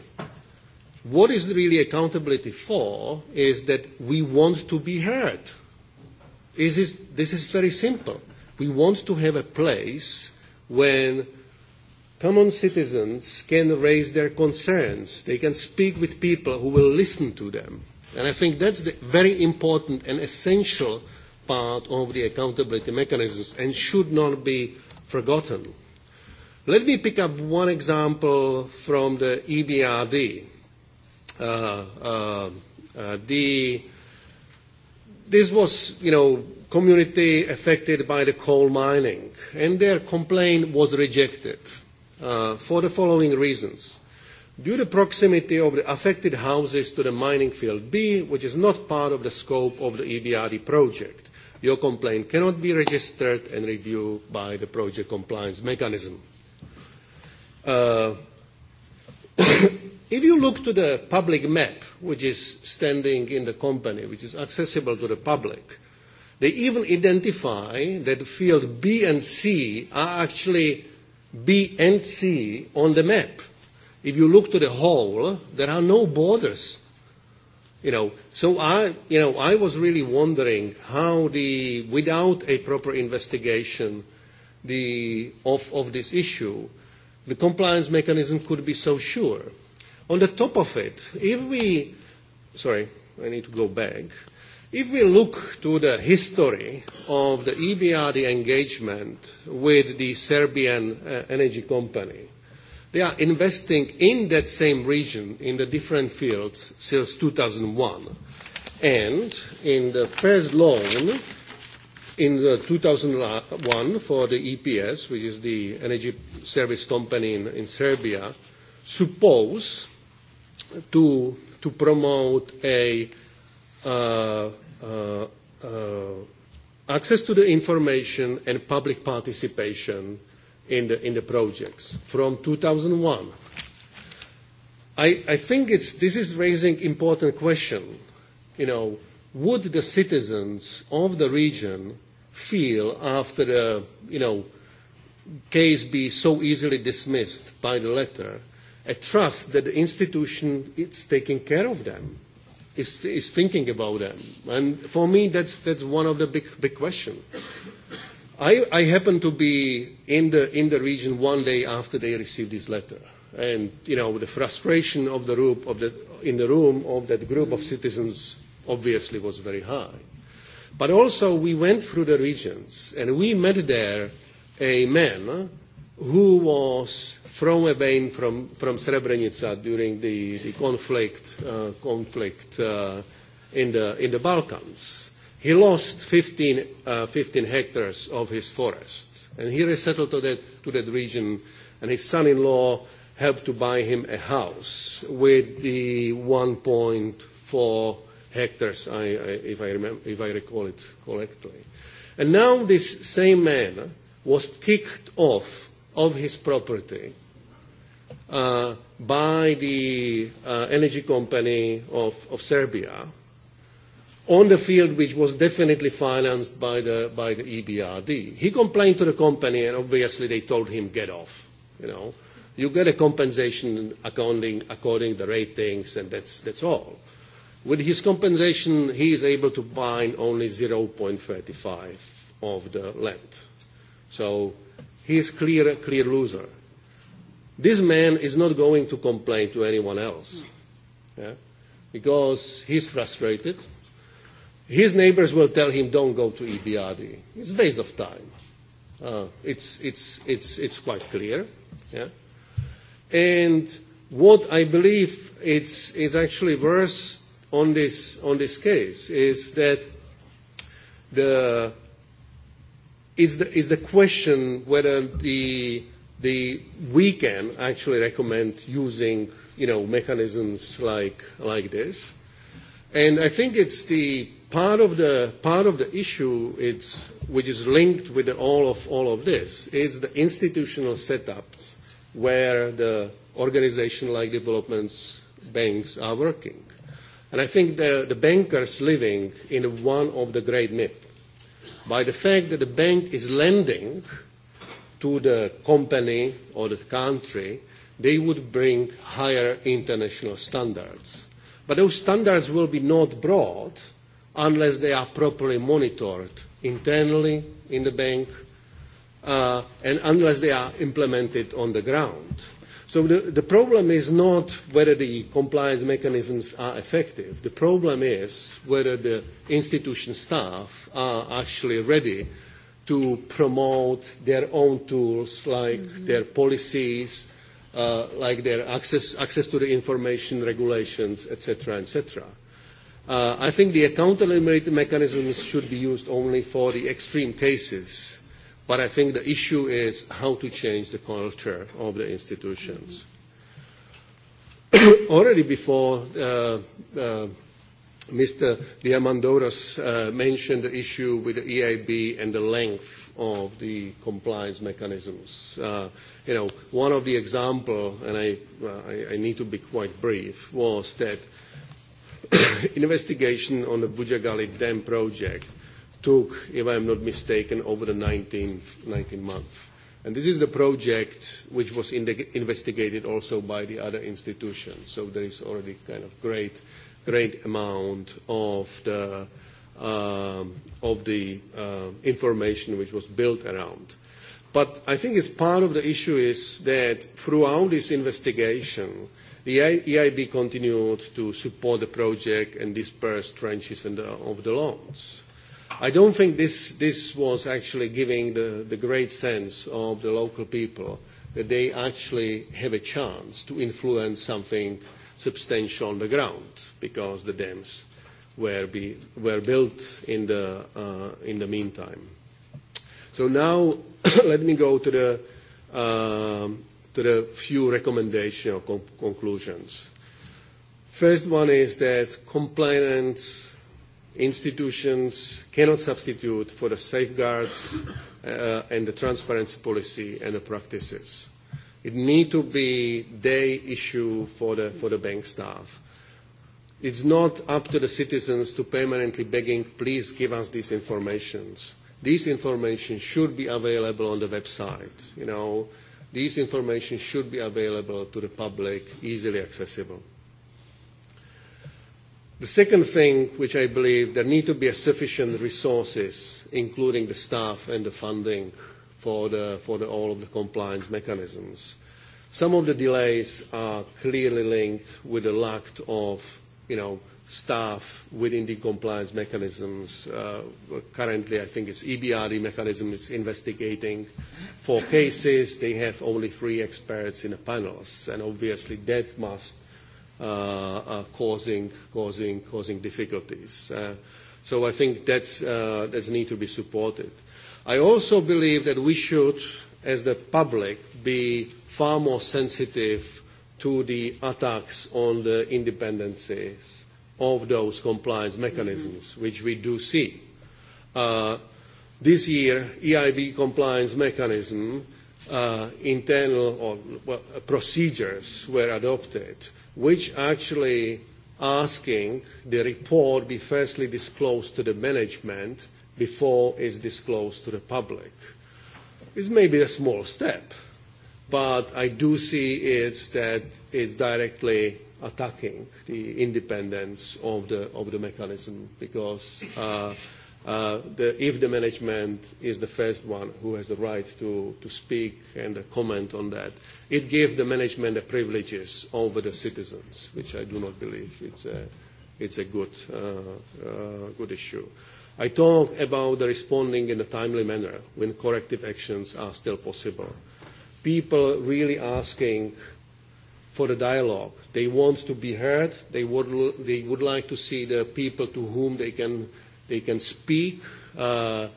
What is really accountability for is that we want to be heard. Is this, this is very simple. We want to have a place when common citizens can raise their concerns. They can speak with people who will listen to them. And I think that's the very important and essential part of the accountability mechanisms and should not be forgotten. Let me pick up one example from the EBRD. Uh, uh, uh, the, this was, you know, community affected by the coal mining, and their complaint was rejected for the following reasons. Due to the proximity of the affected houses to the mining field B, which is not part of the scope of the EBRD project, your complaint cannot be registered and reviewed by the project compliance mechanism. Uh, if you look to the public map, which is standing in the company, which is accessible to the public, they even identify that field B and C are actually B and C on the map. If you look to the whole, there are no borders. You know, so I, you know, I was really wondering how the, without a proper investigation, the of of this issue, the compliance mechanism could be so sure. On the top of it, if we, sorry, I need to go back. If we look to the history of the EBRD engagement with the Serbian uh, energy company, they are investing in that same region in the different fields since 2001. And in the first loan in the 2001 for the EPS, which is the energy service company in, in Serbia, suppose to, to promote a uh, access to the information and public participation in the, in the projects from 2001. I, I think it's, this is raising important question. You know, would the citizens of the region feel after the, you know, case be so easily dismissed by the letter, a trust that the institution is taking care of them? is, is thinking about them. And for me, that's, that's one of the big, big questions. I, I happened to be in the, in the region one day after they received this letter. And, you know, the frustration of the group, of the, in the room of that group of citizens obviously was very high. But also we went through the regions and we met there a man who was from Evain, from, from Srebrenica during the, the conflict, uh, conflict uh, in, the, in the Balkans. He lost 15, uh, 15 hectares of his forest, and he resettled to that, to that region, and his son-in-law helped to buy him a house with the 1.4 hectares, I, I, if, I remember, if I recall it correctly. And now this same man was kicked off of his property uh, by the uh, energy company of, of Serbia on the field which was definitely financed by the, by the EBRD. He complained to the company and obviously they told him get off, you know. You get a compensation according, according the ratings and that's, that's all. With his compensation, he is able to buy only 0.35 of the land. So he is clear, clear loser. This man is not going to complain to anyone else yeah? because he's frustrated. His neighbors will tell him, don't go to EBRD. It's a waste of time. Uh, it's, it's, it's, it's quite clear. Yeah? And what I believe it's, it's actually worse on this, on this case is that the, it's, the, it's the question whether the the, we can actually recommend using you know, mechanisms like, like this. And I think it's the part of the, part of the issue it's, which is linked with the, all, of, all of this. is the institutional setups where the organization like development banks are working. And I think the, the bankers living in one of the great myths. By the fact that the bank is lending – to the company or the country, they would bring higher international standards. But those standards will be not brought unless they are properly monitored internally in the bank uh, and unless they are implemented on the ground. So the, the problem is not whether the compliance mechanisms are effective. The problem is whether the institution staff are actually ready to promote their own tools, like their policies, uh, like their access, access to the information regulations, etc., etc. Uh, I think the accountability mechanisms should be used only for the extreme cases, but I think the issue is how to change the culture of the institutions. Already before uh, uh, Mr. Diamandouros mentioned the issue with the EIB and the length of the compliance mechanisms. you know, one of the examples, and I, I, I need to be quite brief, was that investigation on the Bujagali Dam project took, if I am not mistaken, over the 19, 19 months. And this is the project which was investigated also by the other institutions. So there is already kind of great great amount of the, uh of the uh, information which was built around. But I think it's part of the issue is that throughout this investigation, the EIB continued to support the project and disperse trenches and the, of the loans. I don't think this, this was actually giving the, the great sense of the local people that they actually have a chance to influence something substantial on the ground because the dams were, be, were built in the, uh, in the meantime. So now let me go to the, uh, to the few recommendations or conclusions. First one is that compliance institutions cannot substitute for the safeguards uh, and the transparency policy and the practices It need to be day issue for the, for the bank staff. It's not up to the citizens to permanently begging, please give us these informations. These information should be available on the website. You know, these information should be available to the public, easily accessible. The second thing, which I believe, there need to be sufficient resources, including the staff and the funding, for the for the all of the compliance mechanisms. Some of the delays are clearly linked with the lack of, you know, staff within the compliance mechanisms. Uh, currently, I think it's EBRD mechanism is investigating four cases. They have only three experts in the panels, and obviously that must uh, uh, causing causing causing difficulties. Uh, so I think that's uh, that's need to be supported. I also believe that we should, as the public, be far more sensitive to the attacks on the independencies of those compliance mechanisms, which we do see. Uh, this year, EIB compliance mechanism uh, internal or, well, procedures were adopted, which actually asking the report be firstly disclosed to the management before it's disclosed to the public. It's maybe a small step, but I do see it's that it's directly attacking the independence of the, of the mechanism because uh, uh, the, if the management is the first one who has the right to, to speak and comment on that, it gives the management the privileges over the citizens, which I do not believe it's a, it's a good, uh, uh, good issue. I talked about responding in a timely manner when corrective actions are still possible. People really asking for the dialogue. They want to be heard. They would, they would like to see the people to whom they can, they can speak, uh,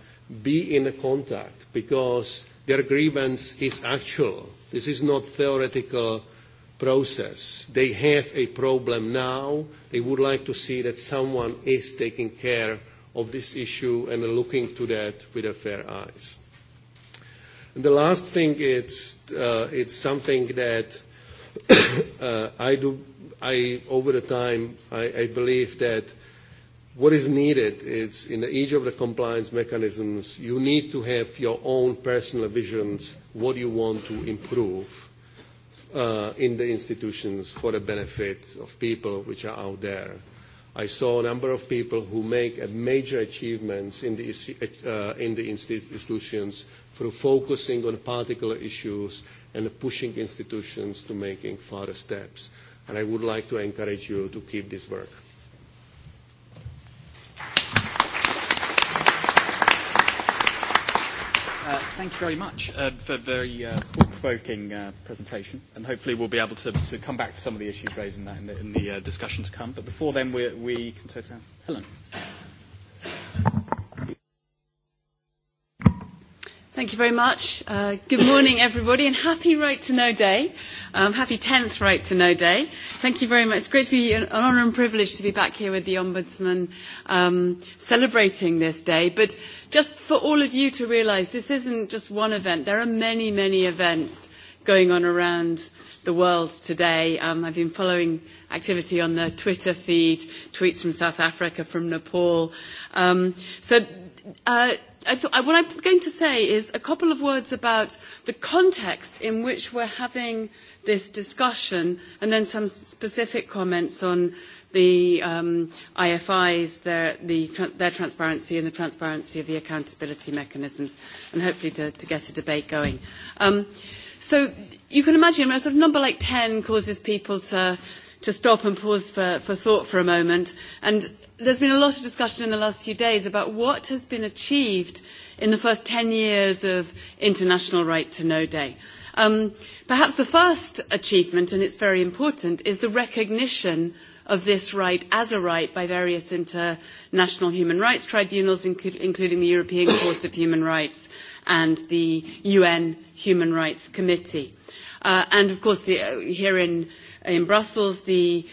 be in contact because their grievance is actual. This is not theoretical process. They have a problem now. They would like to see that someone is taking care of this issue and looking to that with a fair eyes. The last thing is uh, it's something that uh, I do. I over the time I, I believe that what is needed is in each of the compliance mechanisms you need to have your own personal visions what you want to improve uh, in the institutions for the benefit of people which are out there I saw a number of people who make a major achievements in the, uh, in the institutions through focusing on particular issues and pushing institutions to making further steps. And I would like to encourage you to keep this work. Thank you very much for a very thought-provoking presentation, and hopefully we'll be able to come back to some of the issues raised in that in the discussion to come. But before then, we can turn to Helen. Thank you very much. Uh, good morning, everybody, and happy Right to Know Day. Um, happy 10th Right to Know Day. Thank you very much. It's great to be an honour and privilege to be back here with the Ombudsman um, celebrating this day. But just for all of you to realise, this isn't just one event. There are many, many events going on around the world today. Um, I've been following activity on the Twitter feed, tweets from South Africa, from Nepal. Um, so uh, so I, what I'm going to say is a couple of words about the context in which we're having this discussion, and then some specific comments on the um, IFIs, their, the, their transparency, and the transparency of the accountability mechanisms, and hopefully to, to get a debate going. Um, so you can imagine a sort of number like 10 causes people to to stop and pause for, for thought for a moment. And there's been a lot of discussion in the last few days about what has been achieved in the first 10 years of International Right to Know Day. Um, perhaps the first achievement, and it's very important, is the recognition of this right as a right by various international human rights tribunals, including the European Court of Human Rights and the UN Human Rights Committee. and of course, the, uh here in In Brussels, the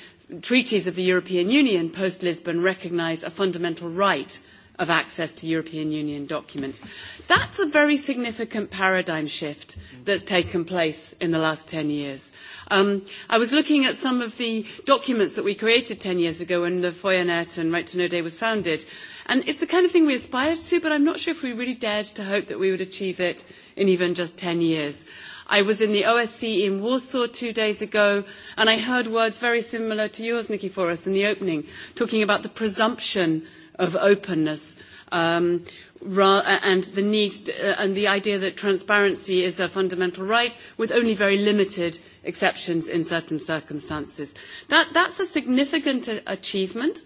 treaties of the European Union post Lisbon recognise a fundamental right of access to European Union documents. That's a very significant paradigm shift that's taken place in the last ten years. I was looking at some of the documents that we created ten years ago when the net and Right to Know Day was founded, and it's the kind of thing we aspired to, but I'm not sure if we really dared to hope that we would achieve it in even just ten years. I was in the OSCE in Warsaw two days ago, and I heard words very similar to yours, Nikiforos, in the opening, talking about the presumption of openness. Um, and the need and the idea that transparency is a fundamental right with only very limited exceptions in certain circumstances. That, that's a significant achievement.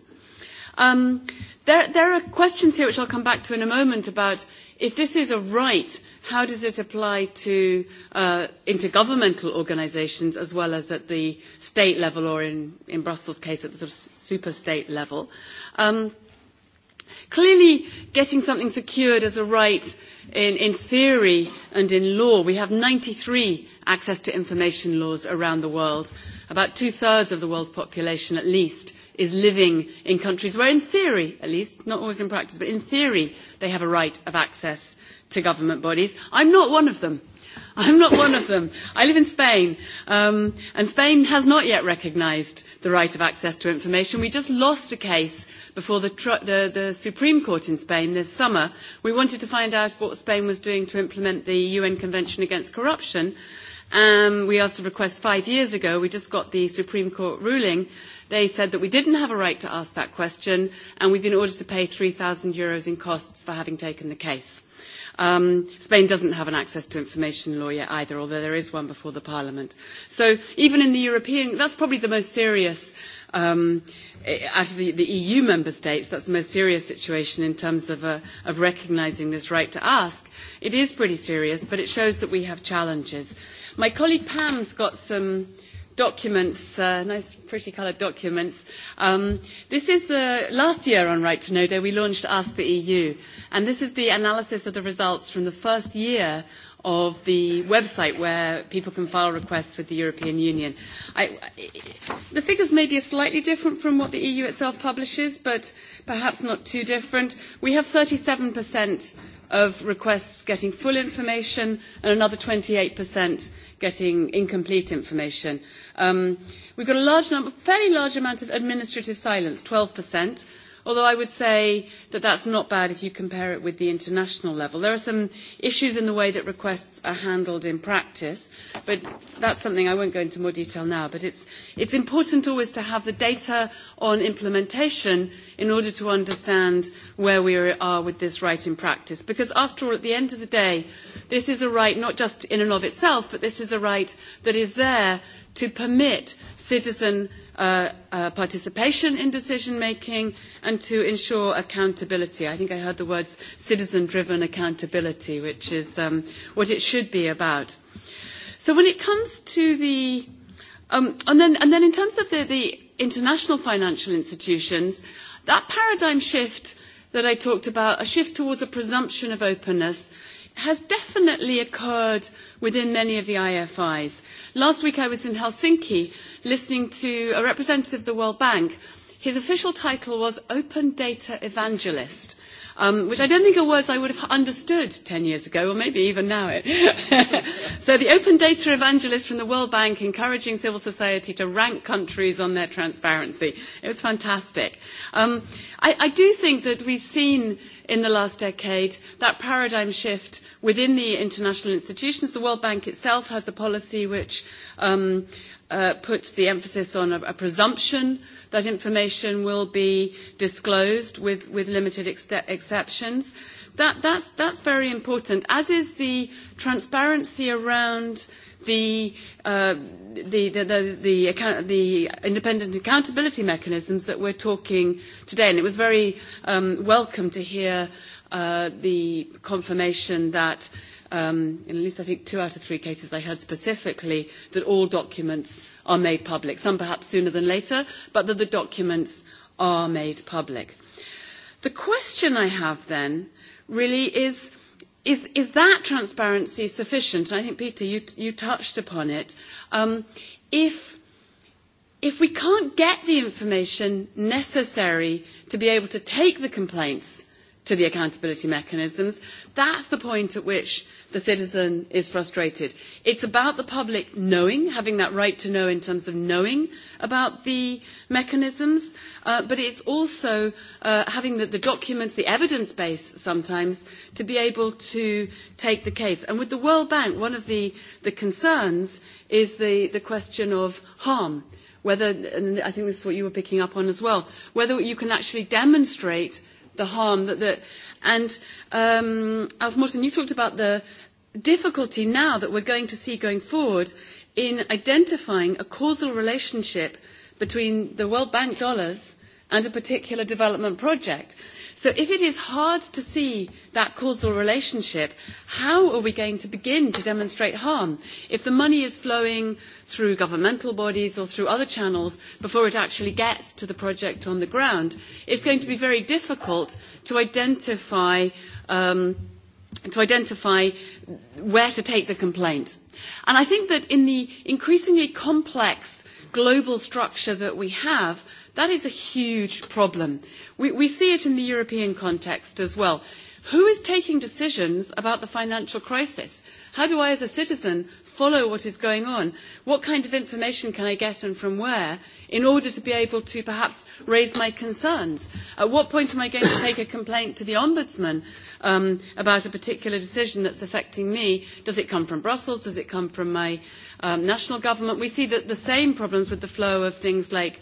there, are questions here which I'll come back to in a moment about if this is a right How does it apply to uh, intergovernmental organisations as well as at the state level or in, in Brussels' case at the sort of super state level? Um, clearly, getting something secured as a right in, in theory and in law, we have 93 access to information laws around the world. About two-thirds of the world's population at least is living in countries where, in theory, at least, not always in practice, but in theory, they have a right of access to government bodies. I'm not one of them. I'm not one of them. I live in Spain, um, and Spain has not yet recognised the right of access to information. We just lost a case before the, tr- the, the Supreme Court in Spain this summer. We wanted to find out what Spain was doing to implement the UN Convention Against Corruption. Um, we asked a request five years ago. We just got the Supreme Court ruling. They said that we didn't have a right to ask that question, and we've been ordered to pay euros in costs for having taken the case Um, Spain doesn't have an access to information law yet either, although there is one before the Parliament. So even in the European, that's probably the most serious um, out of the, the EU member states, that's the most serious situation in terms of, uh, of recognising this right to ask. It is pretty serious, but it shows that we have challenges. My colleague Pam's got some documents, uh, nice pretty coloured documents. Um, this is the last year on Right to Know Day we launched Ask the EU, and this is the analysis of the results from the first year of the website where people can file requests with the European Union. I, the figures may be slightly different from what the EU itself publishes, but perhaps not too different. We have 37% of requests getting full information and another 28% getting incomplete information. Um, we've got a large number, fairly large amount of administrative silence, 12% although I would say that that's not bad if you compare it with the international level. There are some issues in the way that requests are handled in practice, but that's something I won't go into more detail now. But it's, it's important always to have the data on implementation in order to understand where we are with this right in practice. Because after all, at the end of the day, this is a right not just in and of itself, but this is a right that is there to permit citizen participation in decision making and to ensure accountability. I think I heard the words citizen driven accountability, which is what it should be about. So when it comes to the and then and then in terms of the, the international financial institutions, that paradigm shift that I talked about, a shift towards a presumption of openness has definitely occurred within many of the IFIs. Last week I was in Helsinki listening to a representative of the World Bank. His official title was Open Data Evangelist um, which I don't think are words I would have understood 10 years ago, or maybe even now. It. so the open data evangelist from the World Bank encouraging civil society to rank countries on their transparency. It was fantastic. Um, I, I do think that we've seen in the last decade, that paradigm shift within the international institutions. The World Bank itself has a policy which puts the emphasis on a, presumption that information will be disclosed with, with limited exceptions. That, that's, that's very important, as is the transparency around – the the, the, the, the, account, the independent accountability mechanisms that we're talking today. And it was very um, welcome to hear uh, the confirmation that, um, in at least I think two out of three cases I heard specifically, that all documents are made public, some perhaps sooner than later, but that the documents are made public. The question I have then really is, is, is that transparency sufficient? I think, Peter, you, you touched upon it. Um, if, if we can't get the information necessary to be able to take the complaints to the accountability mechanisms, that's the point at which the citizen is frustrated. It's about the public knowing, having that right to know in terms of knowing about the mechanisms, uh, but it's also uh, having the, the documents, the evidence base sometimes, to be able to take the case. And with the World Bank, one of the, the concerns is the, the question of harm, whether, and I think this is what you were picking up on as well, whether you can actually demonstrate the harm that the and um, Alf Morton, you talked about the difficulty now that we're going to see going forward in identifying a causal relationship between the World Bank dollars and a particular development project. So if it is hard to see that causal relationship, how are we going to begin to demonstrate harm if the money is flowing through governmental bodies or through other channels before it actually gets to the project on the ground? It's going to be very difficult to identify um, to identify where to take the complaint. And I think that in the increasingly complex global structure that we have, That is a huge problem. We, we see it in the European context as well. Who is taking decisions about the financial crisis? How do I, as a citizen, follow what is going on? What kind of information can I get and from where in order to be able to perhaps raise my concerns? At what point am I going to take a complaint to the Ombudsman um, about a particular decision that's affecting me? Does it come from Brussels? Does it come from my um, national government? We see that the same problems with the flow of things like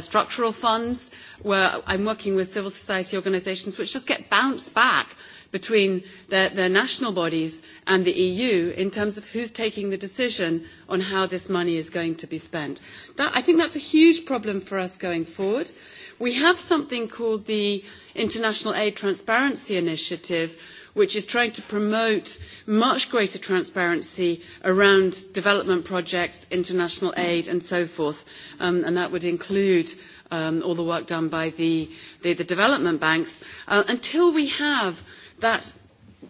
structural funds, where I'm working with civil society organisations, which just get bounced back between their, their national bodies and the EU in terms of who's taking the decision on how this money is going to be spent. That, I think that's a huge problem for us going forward. We have something called the International Aid Transparency Initiative, which is trying to promote much greater transparency around development projects, international aid, and so forth. and that would include all the work done by the, the, development banks. until we have that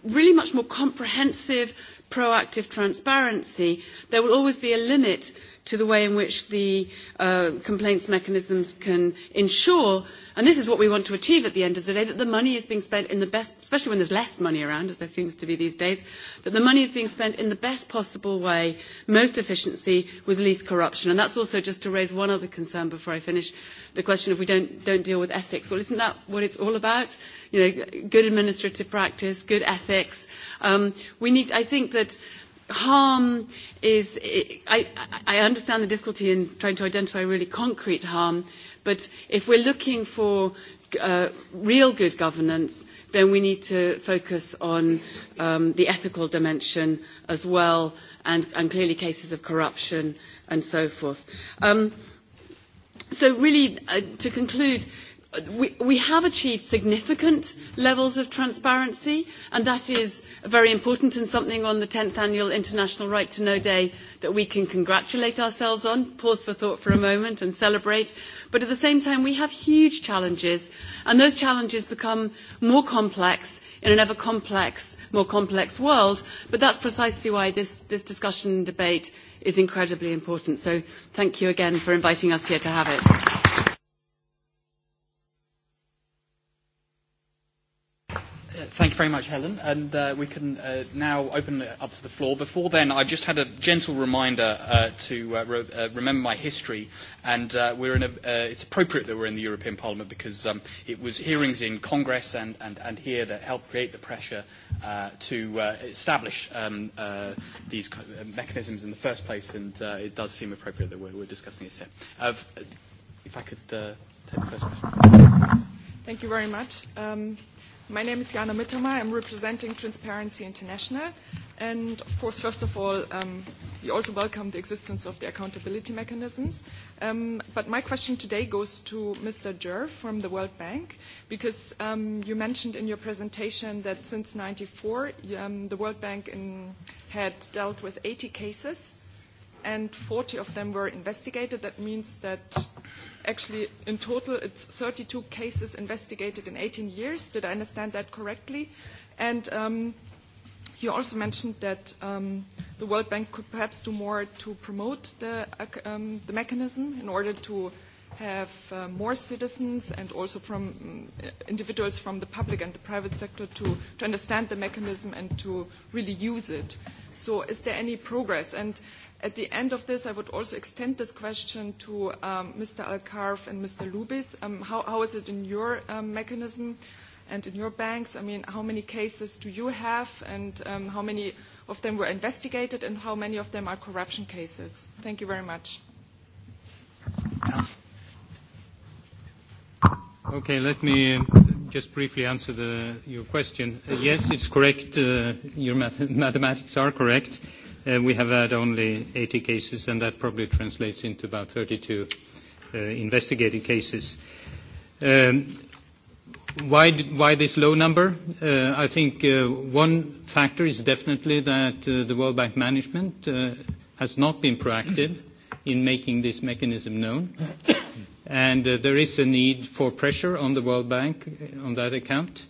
really much more comprehensive, proactive transparency, there will always be a limit to the way in which the uh, complaints mechanisms can ensure, and this is what we want to achieve at the end of the day, that the money is being spent in the best, especially when there's less money around, as there seems to be these days, that the money is being spent in the best possible way, most efficiency, with least corruption. And that's also just to raise one other concern before I finish, the question of we don't, don't deal with ethics. Well, isn't that what it's all about? You know, good administrative practice, good ethics. Um, we need, I think that harm is, I, I understand the difficulty in trying to identify really concrete harm, but if we're looking for uh, real good governance, then we need to focus on um, the ethical dimension as well, and, and clearly cases of corruption and so forth. Um, so really, uh, to conclude, we, we have achieved significant levels of transparency, and that is very important and something on the 10th Annual International Right to Know Day that we can congratulate ourselves on, pause for thought for a moment and celebrate. But at the same time, we have huge challenges, and those challenges become more complex in an ever complex, more complex world. But that's precisely why this, this discussion and debate is incredibly important. So thank you again for inviting us here to have it. you very much, Helen. And uh, we can uh, now open it up to the floor. Before then, I've just had a gentle reminder uh, to uh, re- uh, remember my history. And uh, we're in a, uh, it's appropriate that we're in the European Parliament because um, it was hearings in Congress and, and, and here that helped create the pressure uh, to uh, establish um, uh, these mechanisms in the first place. And uh, it does seem appropriate that we're, we're discussing this here. Uh, if I could uh, take the first question. Thank you very much. Um, My name is Jana Mittermeier. I'm representing Transparency International. And of course, first of all, um, we also welcome the existence of the accountability mechanisms. Um, but my question today goes to Mr. Jer from the World Bank, because um, you mentioned in your presentation that since 1994, um, the World Bank in, had dealt with 80 cases, and 40 of them were investigated. That means that actually in total it's 32 cases investigated in 18 years. Did I understand that correctly? And um, you also mentioned that um, the World Bank could perhaps do more to promote the, um, the mechanism in order to have uh, more citizens and also from individuals from the public and the private sector to, to understand the mechanism and to really use it. So is there any progress? And At the end of this, I would also extend this question to Mr. Alcarf and Mr. Lubis. How is it in your mechanism and in your banks? I mean, how many cases do you have, and how many of them were investigated, and how many of them are corruption cases? Thank you very much. Okay, let me just briefly answer the your question. Yes, it's correct. Your mathematics are correct We have had only 80 cases, and that probably translates into about 32 investigated cases. Why this low number? I think one factor is definitely that the World Bank management has not been proactive in making this mechanism known. and There is a need for pressure on the World Bank on that account.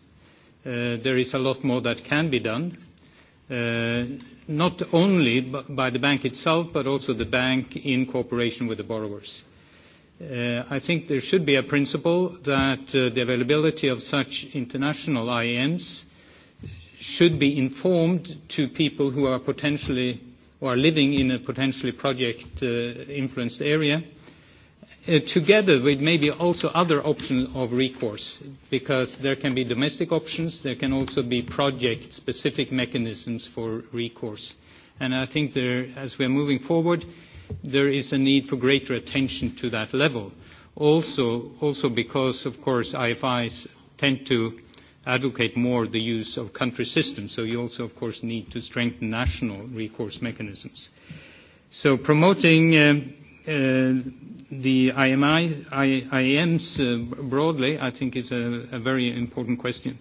There is a lot more that can be done uh not only by the bank itself, but also the bank in cooperation with the borrowers. I think there should be a principle that the availability of such international IENs should be informed to people who are potentially or are living in a potentially project influenced area together with maybe also other options of recourse, because there can be domestic options, there can also be project-specific mechanisms for recourse. And I think there, as we're moving forward, there is a need for greater attention to that level. Also, also because, of course, IFIs tend to advocate more the use of country systems, so you also, of course, need to strengthen national recourse mechanisms. So promoting the IMIs broadly, I think is a very important question.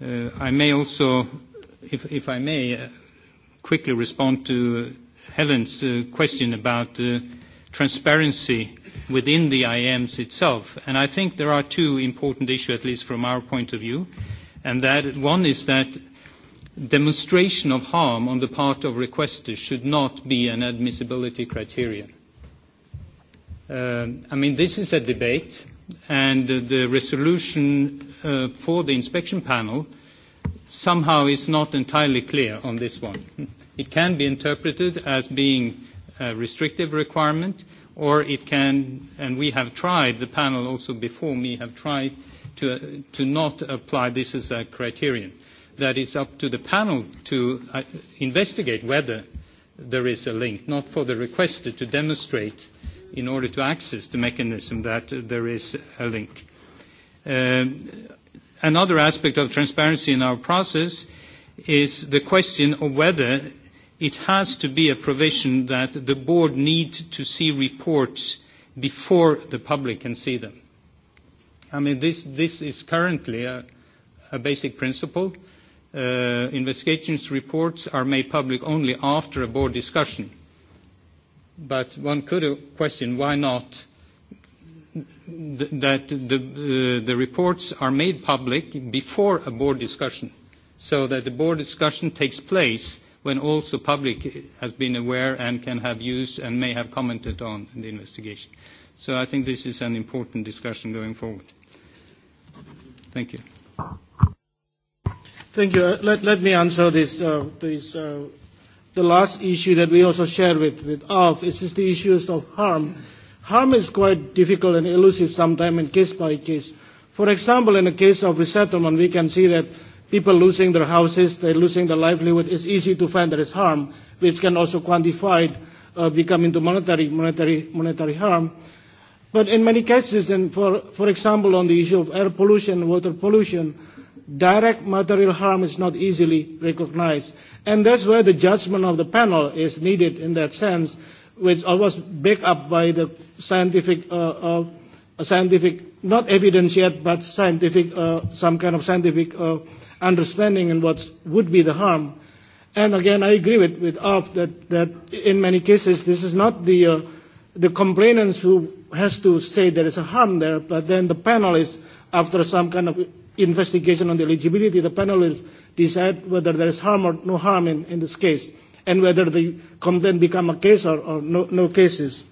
I may also, if I may, quickly respond to Helen's question about transparency within the IMs itself. And I think there are two important issues, at least from our point of view, and that one is that demonstration of harm on the part of requesters should not be an admissibility criteria I mean, this is a debate, and the resolution for the inspection panel somehow is not entirely clear on this one. It can be interpreted as being a restrictive requirement, or it can, and we have tried, the panel also before me have tried to, to not apply this as a criterion. That is up to the panel to uh, investigate whether there is a link, not for the requester to demonstrate in order to access the mechanism that there is a link. Another aspect of transparency in our process is the question of whether it has to be a provision that the board needs to see reports before the public can see them. I mean, this, this is currently a, a basic principle. Uh, investigations reports are made public only after a board discussion But one could question why not that the, uh the reports are made public before a board discussion, so that the board discussion takes place when also public has been aware and can have used and may have commented on the investigation. So I think this is an important discussion going forward. Thank you. Thank you. Let, let me answer this, uh, this uh, the last issue that we also shared with, with Alf is just the issues of harm. Harm is quite difficult and elusive sometimes in case by case. For example, in the case of resettlement, we can see that people losing their houses, they're losing their livelihood, it's easy to find there is harm, which can also quantify uh, become into monetary, monetary, monetary harm. But in many cases, and for, for example, on the issue of air pollution, water pollution, direct material harm is not easily recognized. And that's where the judgment of the panel is needed in that sense, which was backed up by the scientific, uh, uh, scientific, not evidence yet, but scientific, uh, some kind of scientific uh, understanding in what would be the harm. And again, I agree with, with Alf that, that in many cases, this is not the, uh, the complainants who has to say there is a harm there, but then the panel is after some kind of investigation on the eligibility, the panel will decide whether there is harm or no harm in, in this case and whether the complaint become a case or, or no, no cases.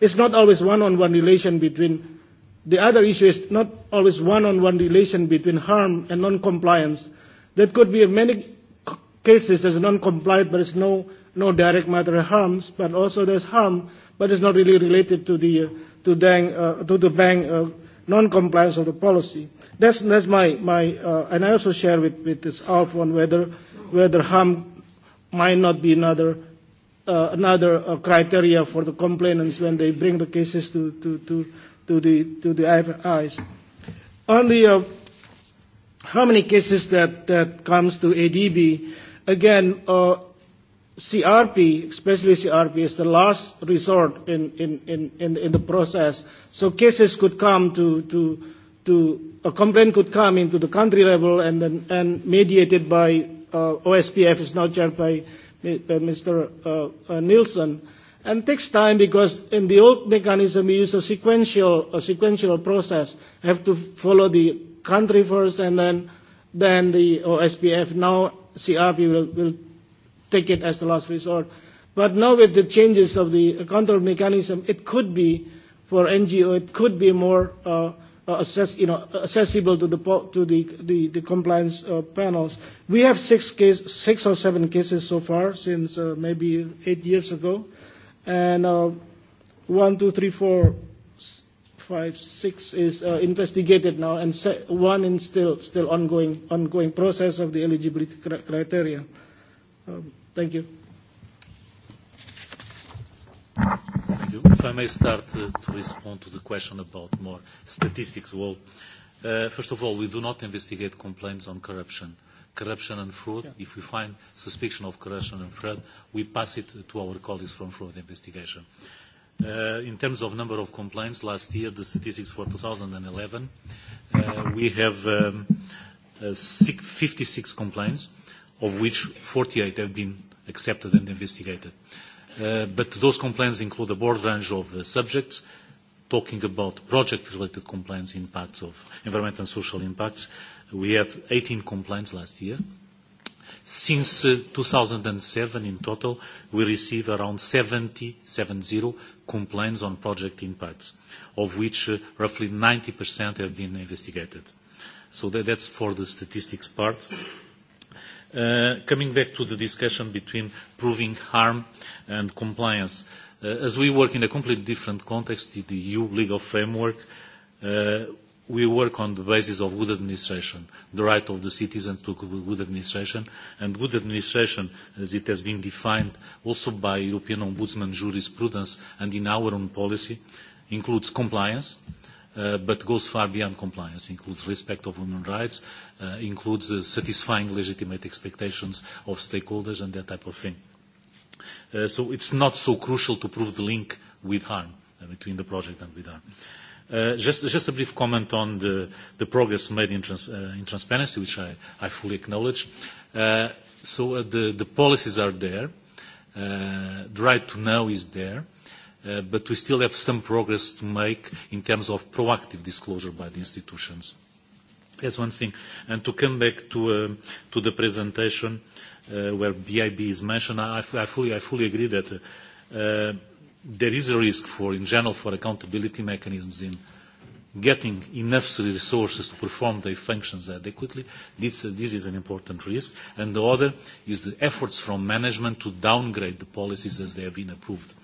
It's not always one-on-one relation between, the other issue is not always one-on-one relation between harm and non-compliance. That could be in many cases as non-compliant, but it's no, no direct matter of harms, but also there's harm, but it's not really related to the, uh to, dang, uh, to the bank uh, non-compliance of the policy. That's, that's my, my uh, and I also share with, with this Alf on whether, whether harm might not be another, uh, another uh, criteria for the complainants when they bring the cases to, to, to, to the, to the IFIs. On the, uh, how many cases that, that comes to ADB, again, uh, CRP, especially CRP, is the last resort in, in, in, in, in the process. So cases could come to, to, to a complaint could come into the country level and then and mediated by uh, OSPF is now chaired by, by Mr. Uh, uh, Nielsen. And takes time because in the old mechanism we use a sequential, a sequential process. Have to follow the country first and then, then the OSPF. Now CRP will, will take it as the last resort. But now with the changes of the control mechanism, it could be for NGO, it could be more uh, assess, you know, accessible to the to the the, the compliance uh, panels. We have six case, six or seven cases so far since uh, maybe eight years ago, and uh, one, two, three, four, five, six is uh, investigated now, and se- one is still still ongoing ongoing process of the eligibility criteria thank you. Thank you. If I may start to respond to the question about more statistics. Well, first of all, we do not investigate complaints on corruption. Corruption and fraud, if we find suspicion of corruption and fraud, we pass it to our colleagues from fraud investigation. in terms of number of complaints, last year, the statistics for 2011, we have 56 complaints of which 48 have been accepted and investigated. But those complaints include a broad range of subjects, talking about project-related complaints, impacts of environmental and social impacts. We had 18 complaints last year. Since 2007 in total, we received around 70 complaints on project impacts, of which roughly 90% have been investigated. So That's for the statistics part coming back to the discussion between proving harm and compliance, uh, as we work in a completely different context, the EU legal framework, uh, we work on the basis of good administration, the right of the citizens to good administration, and good administration, as it has been defined also by European Ombudsman jurisprudence and in our own policy, includes compliance, uh, but goes far beyond compliance, includes respect of human rights, includes satisfying legitimate expectations of stakeholders and that type of thing. So it's not so crucial to prove the link with harm, between the project and with harm. Just a brief comment on the the progress made in transparency, which I I fully acknowledge. So the policies are there. The right to know is there but we still have some progress to make in terms of proactive disclosure by the institutions. That's one thing. And to come back to the presentation where BIB is mentioned, I fully agree that there is a risk for, in general, for accountability mechanisms in getting enough resources to perform their functions adequately. This, is an important risk. And the other is the efforts from management to downgrade the policies as they have been approved.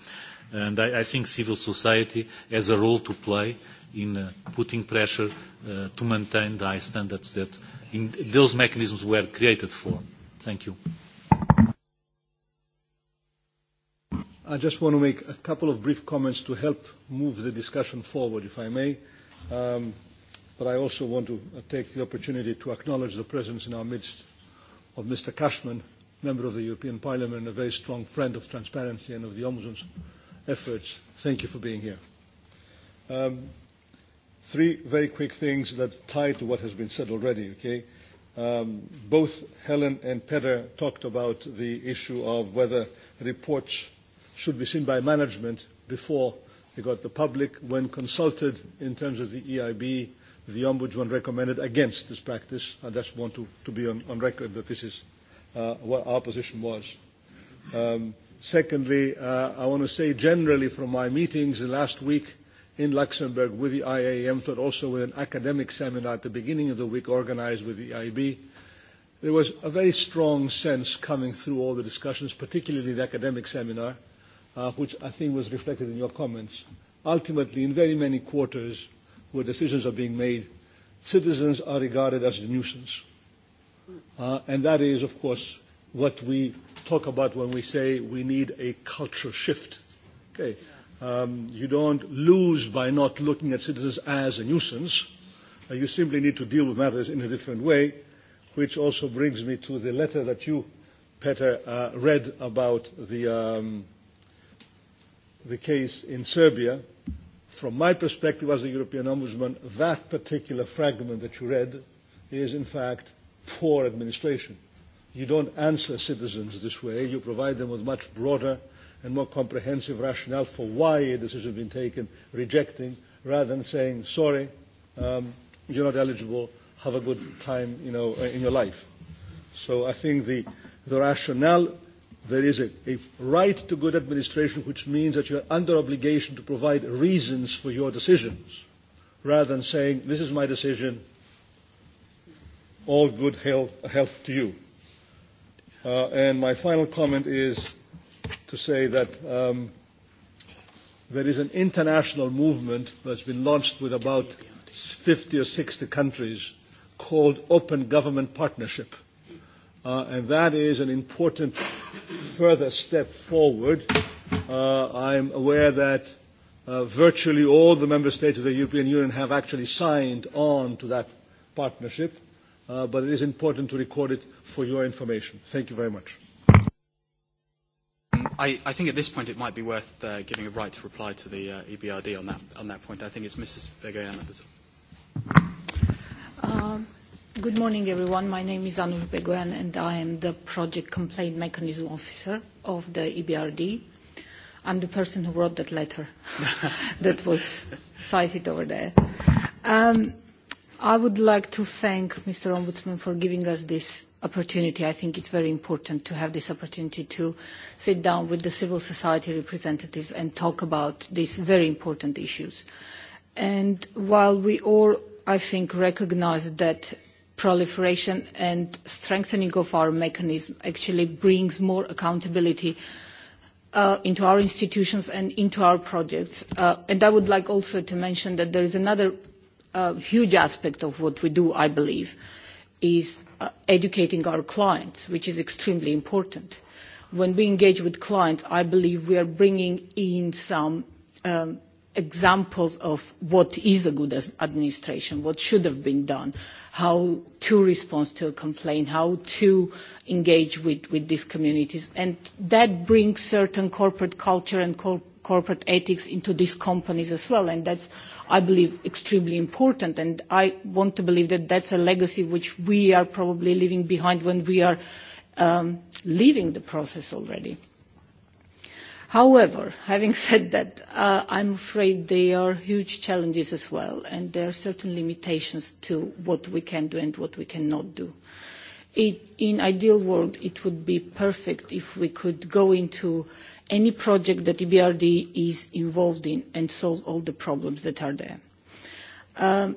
And I, I think civil society has a role to play in uh, putting pressure uh, to maintain the high standards that in those mechanisms were created for. Thank you. I just want to make a couple of brief comments to help move the discussion forward, if I may. Um, but I also want to take the opportunity to acknowledge the presence in our midst of Mr. Cashman, member of the European Parliament, and a very strong friend of transparency and of the Ombudsman's efforts. Thank you for being here. Um, three very quick things that tie to what has been said already, okay? Um, both Helen and Peter talked about the issue of whether reports should be seen by management before they got the public. When consulted in terms of the EIB, the Ombudsman recommended against this practice. I just want to, to be on, on record that this is uh, what our position was. Um, Secondly, uh, I want to say generally from my meetings last week in Luxembourg with the IAM, but also with an academic seminar at the beginning of the week organized with the IB, there was a very strong sense coming through all the discussions, particularly the academic seminar, uh, which I think was reflected in your comments. Ultimately, in very many quarters where decisions are being made, citizens are regarded as a nuisance. Uh, and that is, of course, what we talk about when we say we need a cultural shift. Okay. Um, you don't lose by not looking at citizens as a nuisance. Uh, you simply need to deal with matters in a different way, which also brings me to the letter that you, Peter, uh, read about the, um, the case in Serbia. From my perspective as a European Ombudsman, that particular fragment that you read is, in fact, poor administration You don't answer citizens this way. You provide them with much broader and more comprehensive rationale for why a decision has been taken, rejecting, rather than saying, sorry, um, you're not eligible, have a good time you know, in your life. So I think the, the rationale, there is a, a right to good administration, which means that you're under obligation to provide reasons for your decisions, rather than saying, this is my decision, all good health, health to you and my final comment is to say that um, there is an international movement that's been launched with about 50 or 60 countries called Open Government Partnership. Uh, and that is an important further step forward. Uh, I'm aware that uh, virtually all the member states of the European Union have actually signed on to that partnership uh, but it is important to record it for your information. Thank you very much. I, I think at this point it might be worth uh, giving a right to reply to the uh, EBRD on that, on that point. I think it's Mrs. Begoyan at the top. good morning, everyone. My name is Anush Begoyan, and I am the Project Complaint Mechanism Officer of the EBRD. I'm the person who wrote that letter that was cited over there. Um, I would like to thank Mr. Ombudsman for giving us this opportunity. I think it's very important to have this opportunity to sit down with the civil society representatives and talk about these very important issues. And while we all, I think, recognize that proliferation and strengthening of our mechanism actually brings more accountability uh, into our institutions and into our projects. Uh, and I would like also to mention that there is another a huge aspect of what we do, I believe, is educating our clients, which is extremely important. When we engage with clients, I believe we are bringing in some examples of what is a good administration, what should have been done, how to respond to a complaint, how to engage with, with these communities. And that brings certain corporate culture and corporate ethics into these companies as well. And that's I believe, extremely important. And I want to believe that that's a legacy which we are probably leaving behind when we are um, leaving the process already. However, having said that, uh, I'm afraid there are huge challenges as well, and there are certain limitations to what we can do and what we cannot do. It, in ideal world, it would be perfect if we could go into any project that EBRD is involved in and solve all the problems that are there. Um,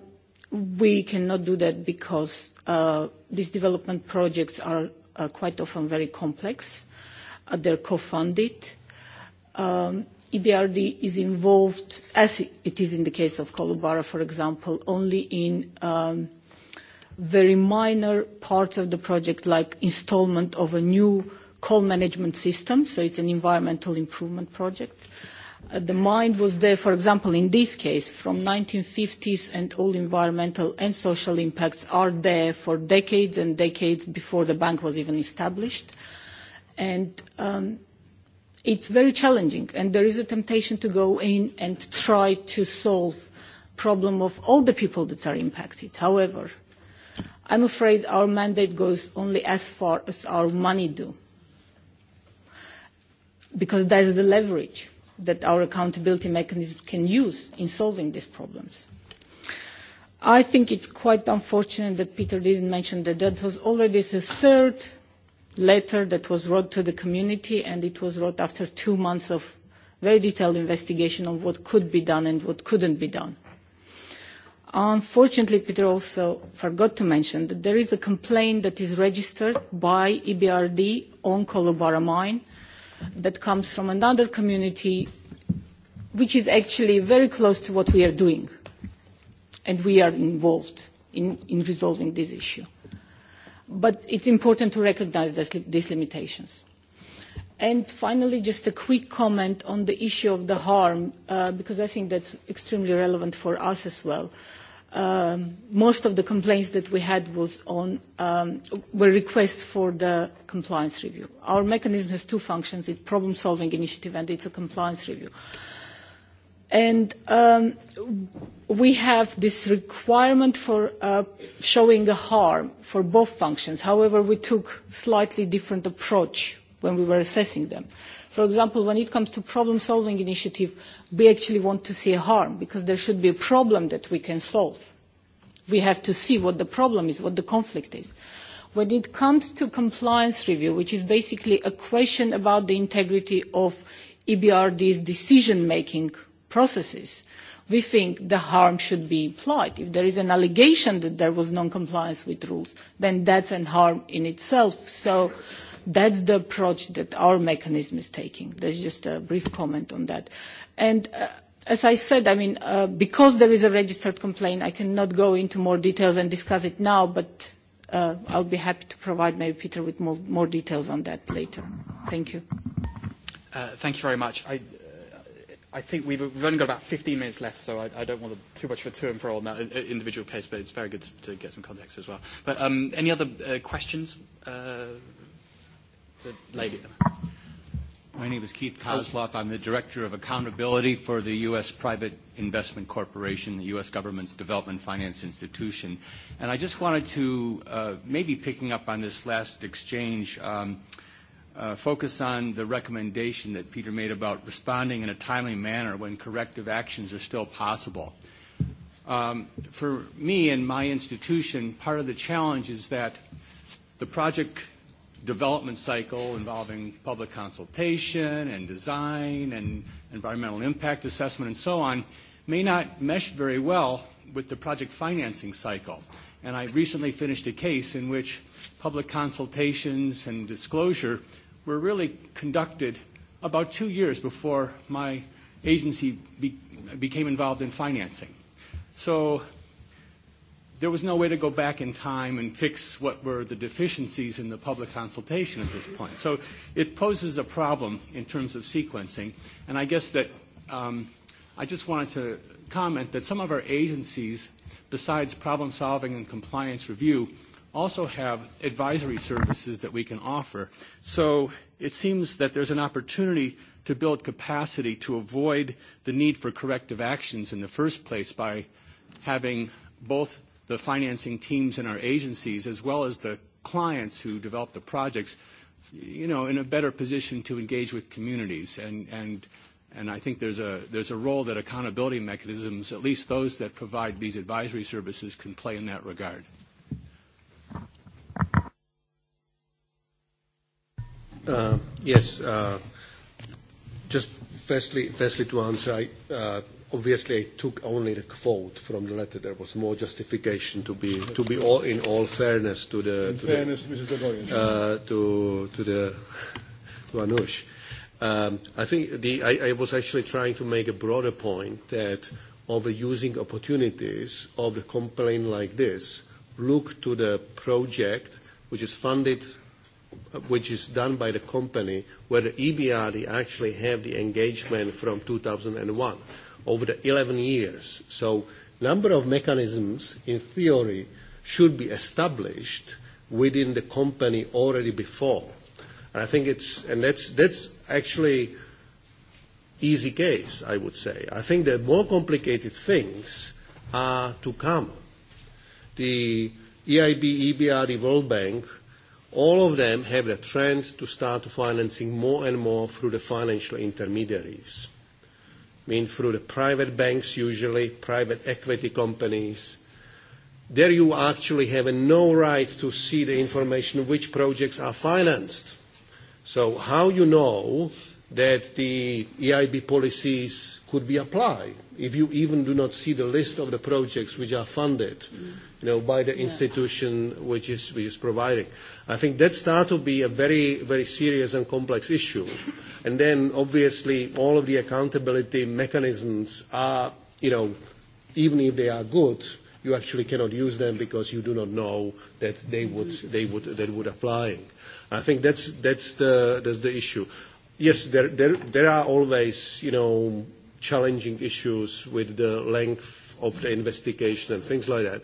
we cannot do that because uh, these development projects are uh, quite often very complex. Uh, they're co-funded. Um, EBRD is involved, as it is in the case of Kolubara, for example, only in um, – very minor parts of the project, like installment of a new coal management system, so it's an environmental improvement project. The mind was there, for example, in this case, from 1950s, and all environmental and social impacts are there for decades and decades before the bank was even established. And um, it's very challenging, and there is a temptation to go in and try to solve problem of all the people that are impacted. However, I'm afraid our mandate goes only as far as our money do, because that is the leverage that our accountability mechanism can use in solving these problems. I think it's quite unfortunate that Peter didn't mention that that was already the third letter that was wrote to the community, and it was wrote after two months of very detailed investigation on what could be done and what couldn't be done. Unfortunately, Peter also forgot to mention that there is a complaint that is registered by EBRD on Kolubara mine that comes from another community, which is actually very close to what we are doing. And we are involved in, in resolving this issue. But it's important to recognize this, these limitations. And finally, just a quick comment on the issue of the harm, uh, because I think that's extremely relevant for us as well. Uh, um, most of the complaints that we had was on um, were requests for the compliance review. Our mechanism has two functions: it's problem-solving initiative and it's a compliance review. And um, we have this requirement for uh, showing the harm for both functions. However, we took slightly different approach when we were assessing them. For example, when it comes to problem-solving initiative, we actually want to see harm because there should be a problem that we can solve. We have to see what the problem is, what the conflict is. When it comes to compliance review, which is basically a question about the integrity of EBRD's decision-making processes, we think the harm should be implied. If there is an allegation that there was non-compliance with rules, then that's a harm in itself. So That's the approach that our mechanism is taking. There's just a brief comment on that. And uh, As I said, I mean, uh, because there is a registered complaint, I cannot go into more details and discuss it now, but uh, I'll be happy to provide maybe Peter with more, more details on that later. Thank you. Uh, thank you very much. I, uh, I think we've, we've only got about 15 minutes left, so I, I don't want to, too much of a to and fro on that individual case, but it's very good to, to get some context as well. But um, any other uh, questions? Uh, the lady. My name is Keith Kosloff. I'm the Director of Accountability for the U.S. Private Investment Corporation, the U.S. government's development finance institution. And I just wanted to, uh, maybe picking up on this last exchange, um, uh, focus on the recommendation that Peter made about responding in a timely manner when corrective actions are still possible. Um, for me and my institution, part of the challenge is that the project development cycle involving public consultation and design and environmental impact assessment and so on may not mesh very well with the project financing cycle. And I recently finished a case in which public consultations and disclosure were really conducted about two years before my agency became involved in financing. So there was no way to go back in time and fix what were the deficiencies in the public consultation at this point. So it poses a problem in terms of sequencing. And I guess that um, I just wanted to comment that some of our agencies, besides problem solving and compliance review, also have advisory services that we can offer. So it seems that there's an opportunity to build capacity to avoid the need for corrective actions in the first place by having both the financing teams in our agencies, as well as the clients who develop the projects, you know, in a better position to engage with communities. And, and, and I think there's a, there's a role that accountability mechanisms, at least those that provide these advisory services, can play in that regard. yes, just firstly, firstly to answer, I, obviously I took only the quote from the letter. There was more justification to be to be all in all fairness to the in to fairness the, to Uh, to to the to Anush. Um, I think the I, I was actually trying to make a broader point that overusing opportunities of the complaint like this. Look to the project which is funded which is done by the company where the EBRD actually have the engagement from 2001 over the 11 years. So number of mechanisms, in theory, should be established within the company already before. And I think it's, and that's, that's actually easy case, I would say. I think the more complicated things are to come. The EIB, EBR, the World Bank, all of them have a trend to start financing more and more through the financial intermediaries mean through the private banks usually, private equity companies. There you actually have no right to see the information which projects are financed. So how you know that the EIB policies could be applied. If you even do not see the list of the projects which are funded, you know, by the institution which is which is providing, I think that starts to be a very very serious and complex issue. And then obviously all of the accountability mechanisms are, you know, even if they are good, you actually cannot use them because you do not know that they would they would they would apply. I think that's that's the that's the issue. Yes, there, there, there are always, you know, challenging issues with the length of the investigation and things like that.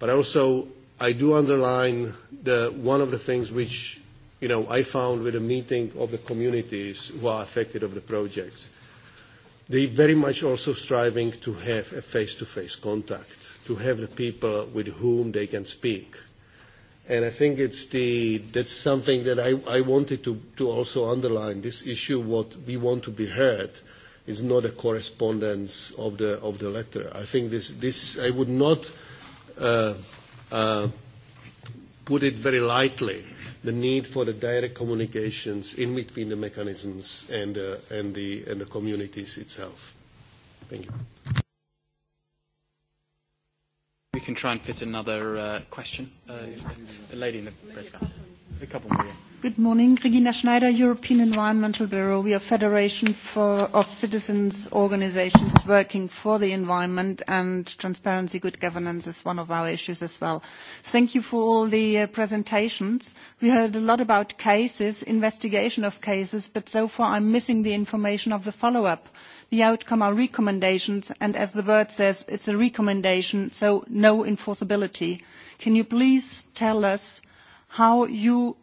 But also, I do underline the, one of the things which, you know, I found with a meeting of the communities who are affected of the projects. They very much also striving to have a face-to-face contact, to have the people with whom they can speak – And I think it's the, that's something that I, I wanted to, to also underline. This issue, what we want to be heard, is not a correspondence of the, of the letter. I think this, this I would not uh, uh, put it very lightly, the need for the direct communications in between the mechanisms and, uh, and, the, and the communities itself. Thank you. We can try and fit another uh, question. Uh, the lady in the press car a couple more. Good morning. Regina Schneider, European Environmental Bureau. We are a federation for, of citizens' organizations working for the environment, and transparency, good governance is one of our issues as well. Thank you for all the uh, presentations. We heard a lot about cases, investigation of cases, but so far I'm missing the information of the follow-up. The outcome are recommendations, and as the word says, it's a recommendation, so no enforceability. Can you please tell us how you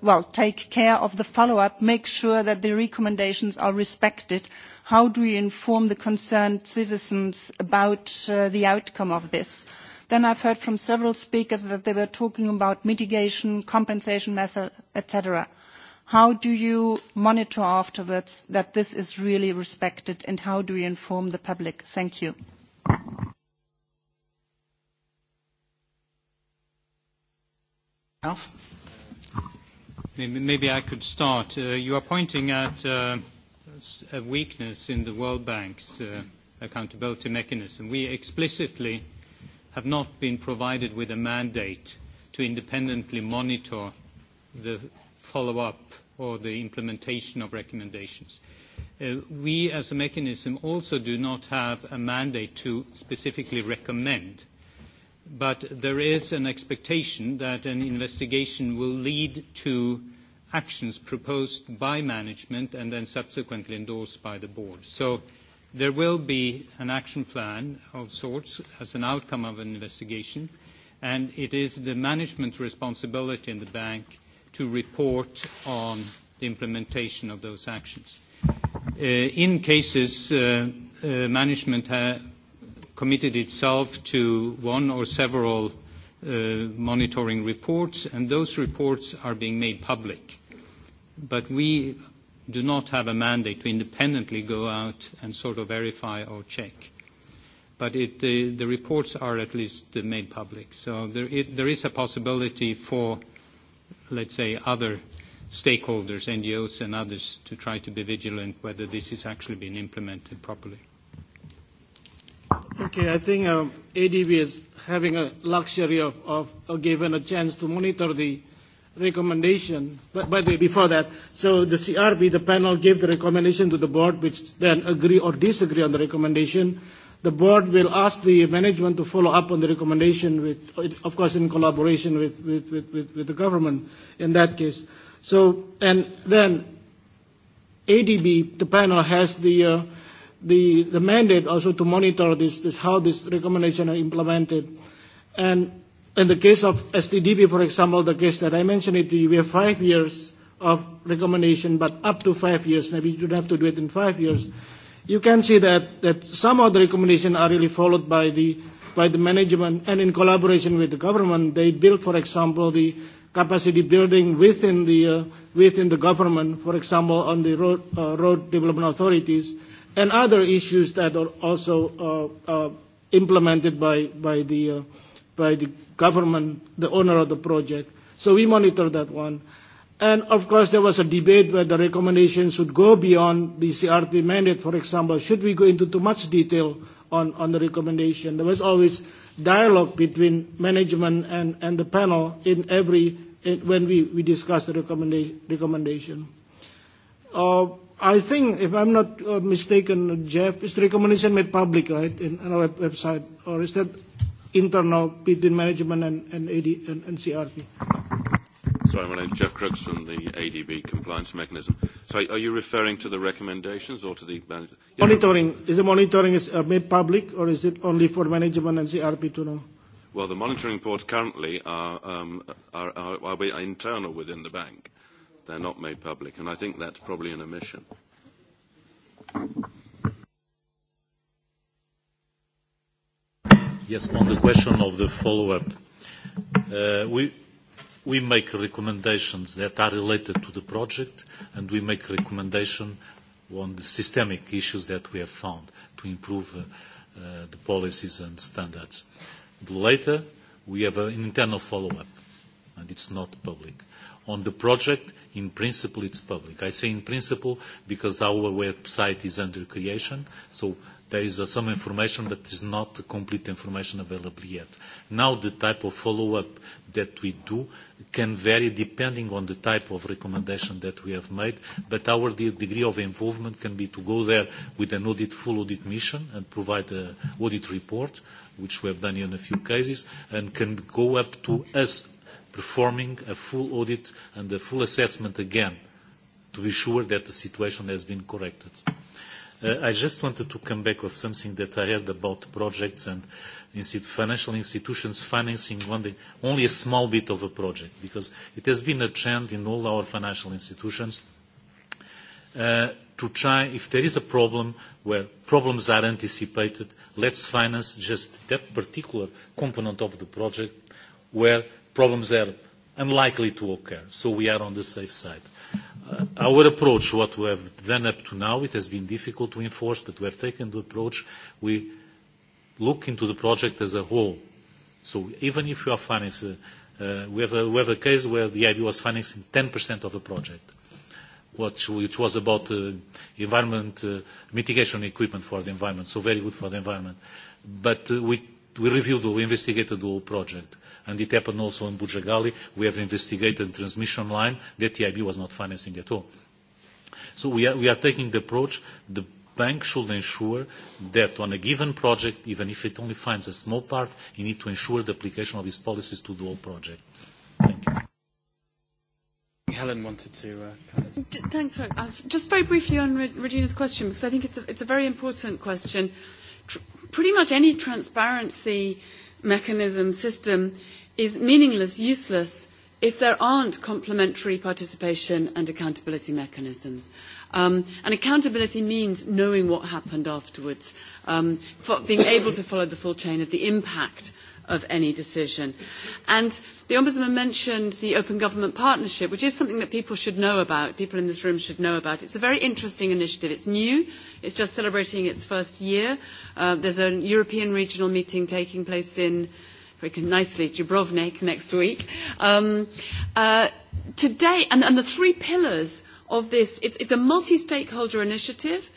well, take care of the follow-up, make sure that the recommendations are respected. How do you inform the concerned citizens about the outcome of this? Then I've heard from several speakers that they were talking about mitigation, compensation method, etc. How do you monitor afterwards that this is really respected, and how do you inform the public? Thank you. Alf? Maybe I could start. You are pointing at a weakness in the World Bank's accountability mechanism. We explicitly have not been provided with a mandate to independently monitor the follow-up or the implementation of recommendations. We, as a mechanism, also do not have a mandate to specifically recommend but there is an expectation that an investigation will lead to actions proposed by management and then subsequently endorsed by the board. So there will be an action plan of sorts as an outcome of an investigation, and it is the management responsibility in the bank to report on the implementation of those actions. In cases, management committed itself to one or several monitoring reports, and those reports are being made public. But we do not have a mandate to independently go out and sort of verify or check. But it, the the reports are at least made public. So there, it, there is a possibility for, let's say, other stakeholders, NGOs and others, to try to be vigilant whether this is actually being implemented properly. Okay, I think um, ADB is having a luxury of, of, of given a chance to monitor the recommendation. But by the way, before that, so the CRB, the panel, gave the recommendation to the board, which then agree or disagree on the recommendation. The board will ask the management to follow up on the recommendation, with, of course, in collaboration with, with, with, with, with the government in that case. So, and then ADB, the panel, has the uh, the, the mandate also to monitor this, this how this recommendation are implemented. And in the case of STDB, for example, the case that I mentioned it to you, we have five years of recommendation, but up to five years, maybe you don't have to do it in five years. You can see that, that some of the recommendations are really followed by the, by the management and in collaboration with the government. They build, for example, the capacity building within the, uh, within the government, for example, on the road, uh, road development authorities and other issues that are also uh, uh, implemented by, by, the, uh, by the government, the owner of the project. So we monitor that one. And of course, there was a debate whether recommendations should go beyond the CRP mandate. For example, should we go into too much detail on, on the recommendation? There was always dialogue between management and, and the panel in every in, when we, we discussed the recommendation. recommendation. Uh, I think, if I'm not uh, mistaken, Jeff, it's recommendation made public, right, in, on our web, website, or is that internal between management and, and AD and, and CRP? Sorry, my name is Jeff Crooks from the ADB compliance mechanism. So are you referring to the recommendations or to the... Yeah. Monitoring. Is the monitoring is, uh, made public or is it only for management and CRP to know? Well, the monitoring reports currently are, um, are, are, are internal within the bank they're not made public, and I think that's probably an omission. Yes, on the question of the follow-up, uh, we we make recommendations that are related to the project, and we make recommendations on the systemic issues that we have found to improve uh, uh, the policies and standards. Later, we have an internal follow-up, and it's not public on the project, in principle, it's public. I say in principle because our website is under creation, so there is uh, some information that is not complete information available yet. Now the type of follow-up that we do can vary depending on the type of recommendation that we have made, but our de degree of involvement can be to go there with an audit, full audit mission and provide an audit report, which we have done in a few cases, and can go up to us performing a full audit and a full assessment again to be sure that the situation has been corrected. I just wanted to come back on something that I heard about projects and financial institutions financing only a small bit of a project, because it has been a trend in all our financial institutions to try, if there is a problem where problems are anticipated, let's finance just that particular component of the project where problems are unlikely to occur, so we are on the safe side. Our approach, what we have done up to now, it has been difficult to enforce, but we have taken the approach, we look into the project as a whole. So even if you are financing, we have a we have a case where the EIB was financing 10% of the project, which which was about environment mitigation equipment for the environment, so very good for the environment. But we we reviewed, we investigated the whole project and it happened also in Bujagali. We have investigated transmission line that TIB EIB was not financing at all. So we are, we are taking the approach the bank should ensure that on a given project, even if it only finds a small part, you need to ensure the application of its policies to the whole project. Thank you. Helen wanted to. Uh, Thanks, Alex. Just very briefly on Regina's question, because I think it's a, it's a very important question. Tr- pretty much any transparency mechanism system is meaningless, useless, if there aren't complementary participation and accountability mechanisms. Um, and accountability means knowing what happened afterwards, um, for being able to follow the full chain of the impact of any decision. And the Ombudsman mentioned the Open Government Partnership, which is something that people should know about, people in this room should know about. It's a very interesting initiative. It's new. It's just celebrating its first year. Uh, there's a European regional meeting taking place in Very nicely, Dubrovnik next week. Um, uh, today, and, and the three pillars of this, it's, it's a multi-stakeholder initiative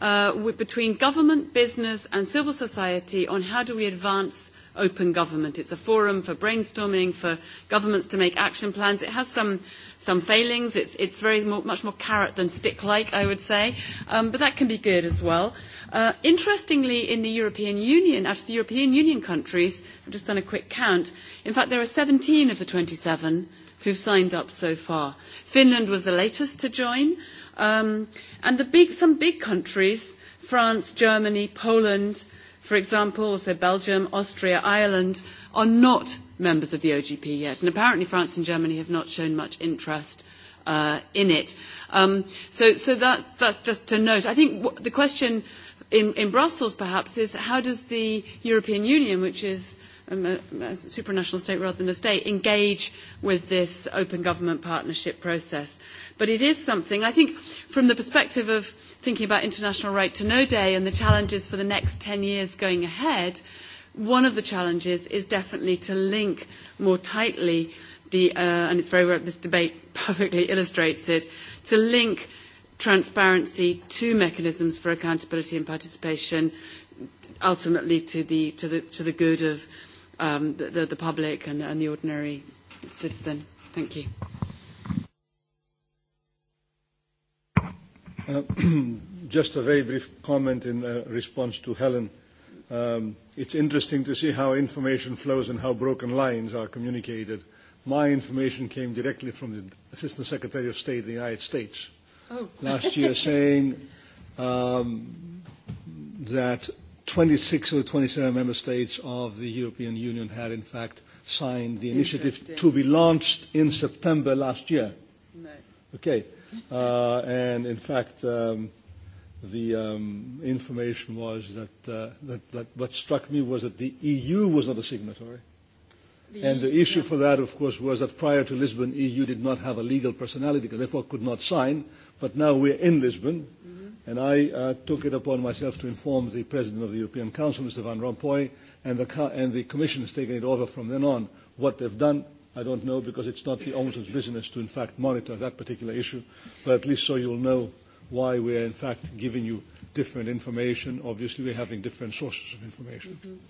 uh, with, between government, business, and civil society on how do we advance open government. It's a forum for brainstorming, for governments to make action plans. It has some, some failings. It's, it's very more, much more carrot than stick-like, I would say. Um, but that can be good as well. Uh, interestingly, in the European Union, out of the European Union countries, I've just done a quick count, in fact, there are 17 of the 27 who've signed up so far. Finland was the latest to join. Um, and the big, some big countries, France, Germany, Poland, For example, so Belgium, Austria, Ireland are not members of the OGP yet, and apparently France and Germany have not shown much interest uh, in it. Um, so so that's, that's just to note. I think w- the question in, in Brussels perhaps is how does the European Union, which is um, a, a supranational state rather than a state, engage with this open government partnership process? But it is something, I think, from the perspective of thinking about International Right to Know Day and the challenges for the next 10 years going ahead, one of the challenges is definitely to link more tightly the, uh, and it's very well, this debate perfectly illustrates it, to link transparency to mechanisms for accountability and participation, ultimately to the, to the, to the good of um, the, the, the public and, and the ordinary citizen. Thank you. Just a very brief comment in response to Helen. It's interesting to see how information flows and how broken lines are communicated. My information came directly from the Assistant Secretary of State of the United States last year saying um, that 26 of the 27 member states of the European Union had in fact signed the initiative to be launched in September last year. Okay. Uh, and in fact, um, the um, information was that, uh, that, that what struck me was that the EU was not a signatory. And the issue for that, of course, was that prior to Lisbon, EU did not have a legal personality, therefore could not sign. But now we're in Lisbon, and I uh, took it upon myself to inform the President of the European Council, Mr. Van Rompuy, and the, and the Commission has taken it over from then on, what they've done, I don't know because it's not the Ombudsman's business to, in fact, monitor that particular issue, but at least so you'll know why we are, in fact, giving you different information. Obviously, we're having different sources of information.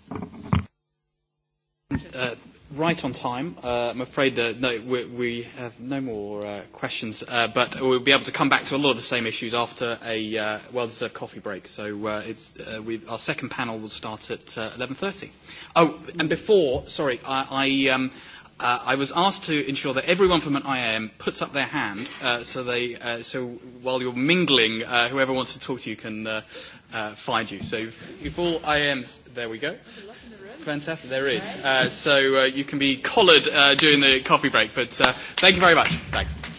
Uh, right on time. Uh, I'm afraid that no, we, we have no more uh, questions, uh, but we'll be able to come back to a lot of the same issues after a uh, well-deserved coffee break. So uh, it's, uh, we've, our second panel will start at uh, 11.30. Oh, and before, sorry, I, I um, – uh, I was asked to ensure that everyone from an IAM puts up their hand uh, so, they, uh, so while you're mingling, uh, whoever wants to talk to you can uh, uh, find you. So if all IAMs, there we go. Fantastic, there is. Uh, so uh, you can be collared uh, during the coffee break, but uh, thank you very much. Thanks.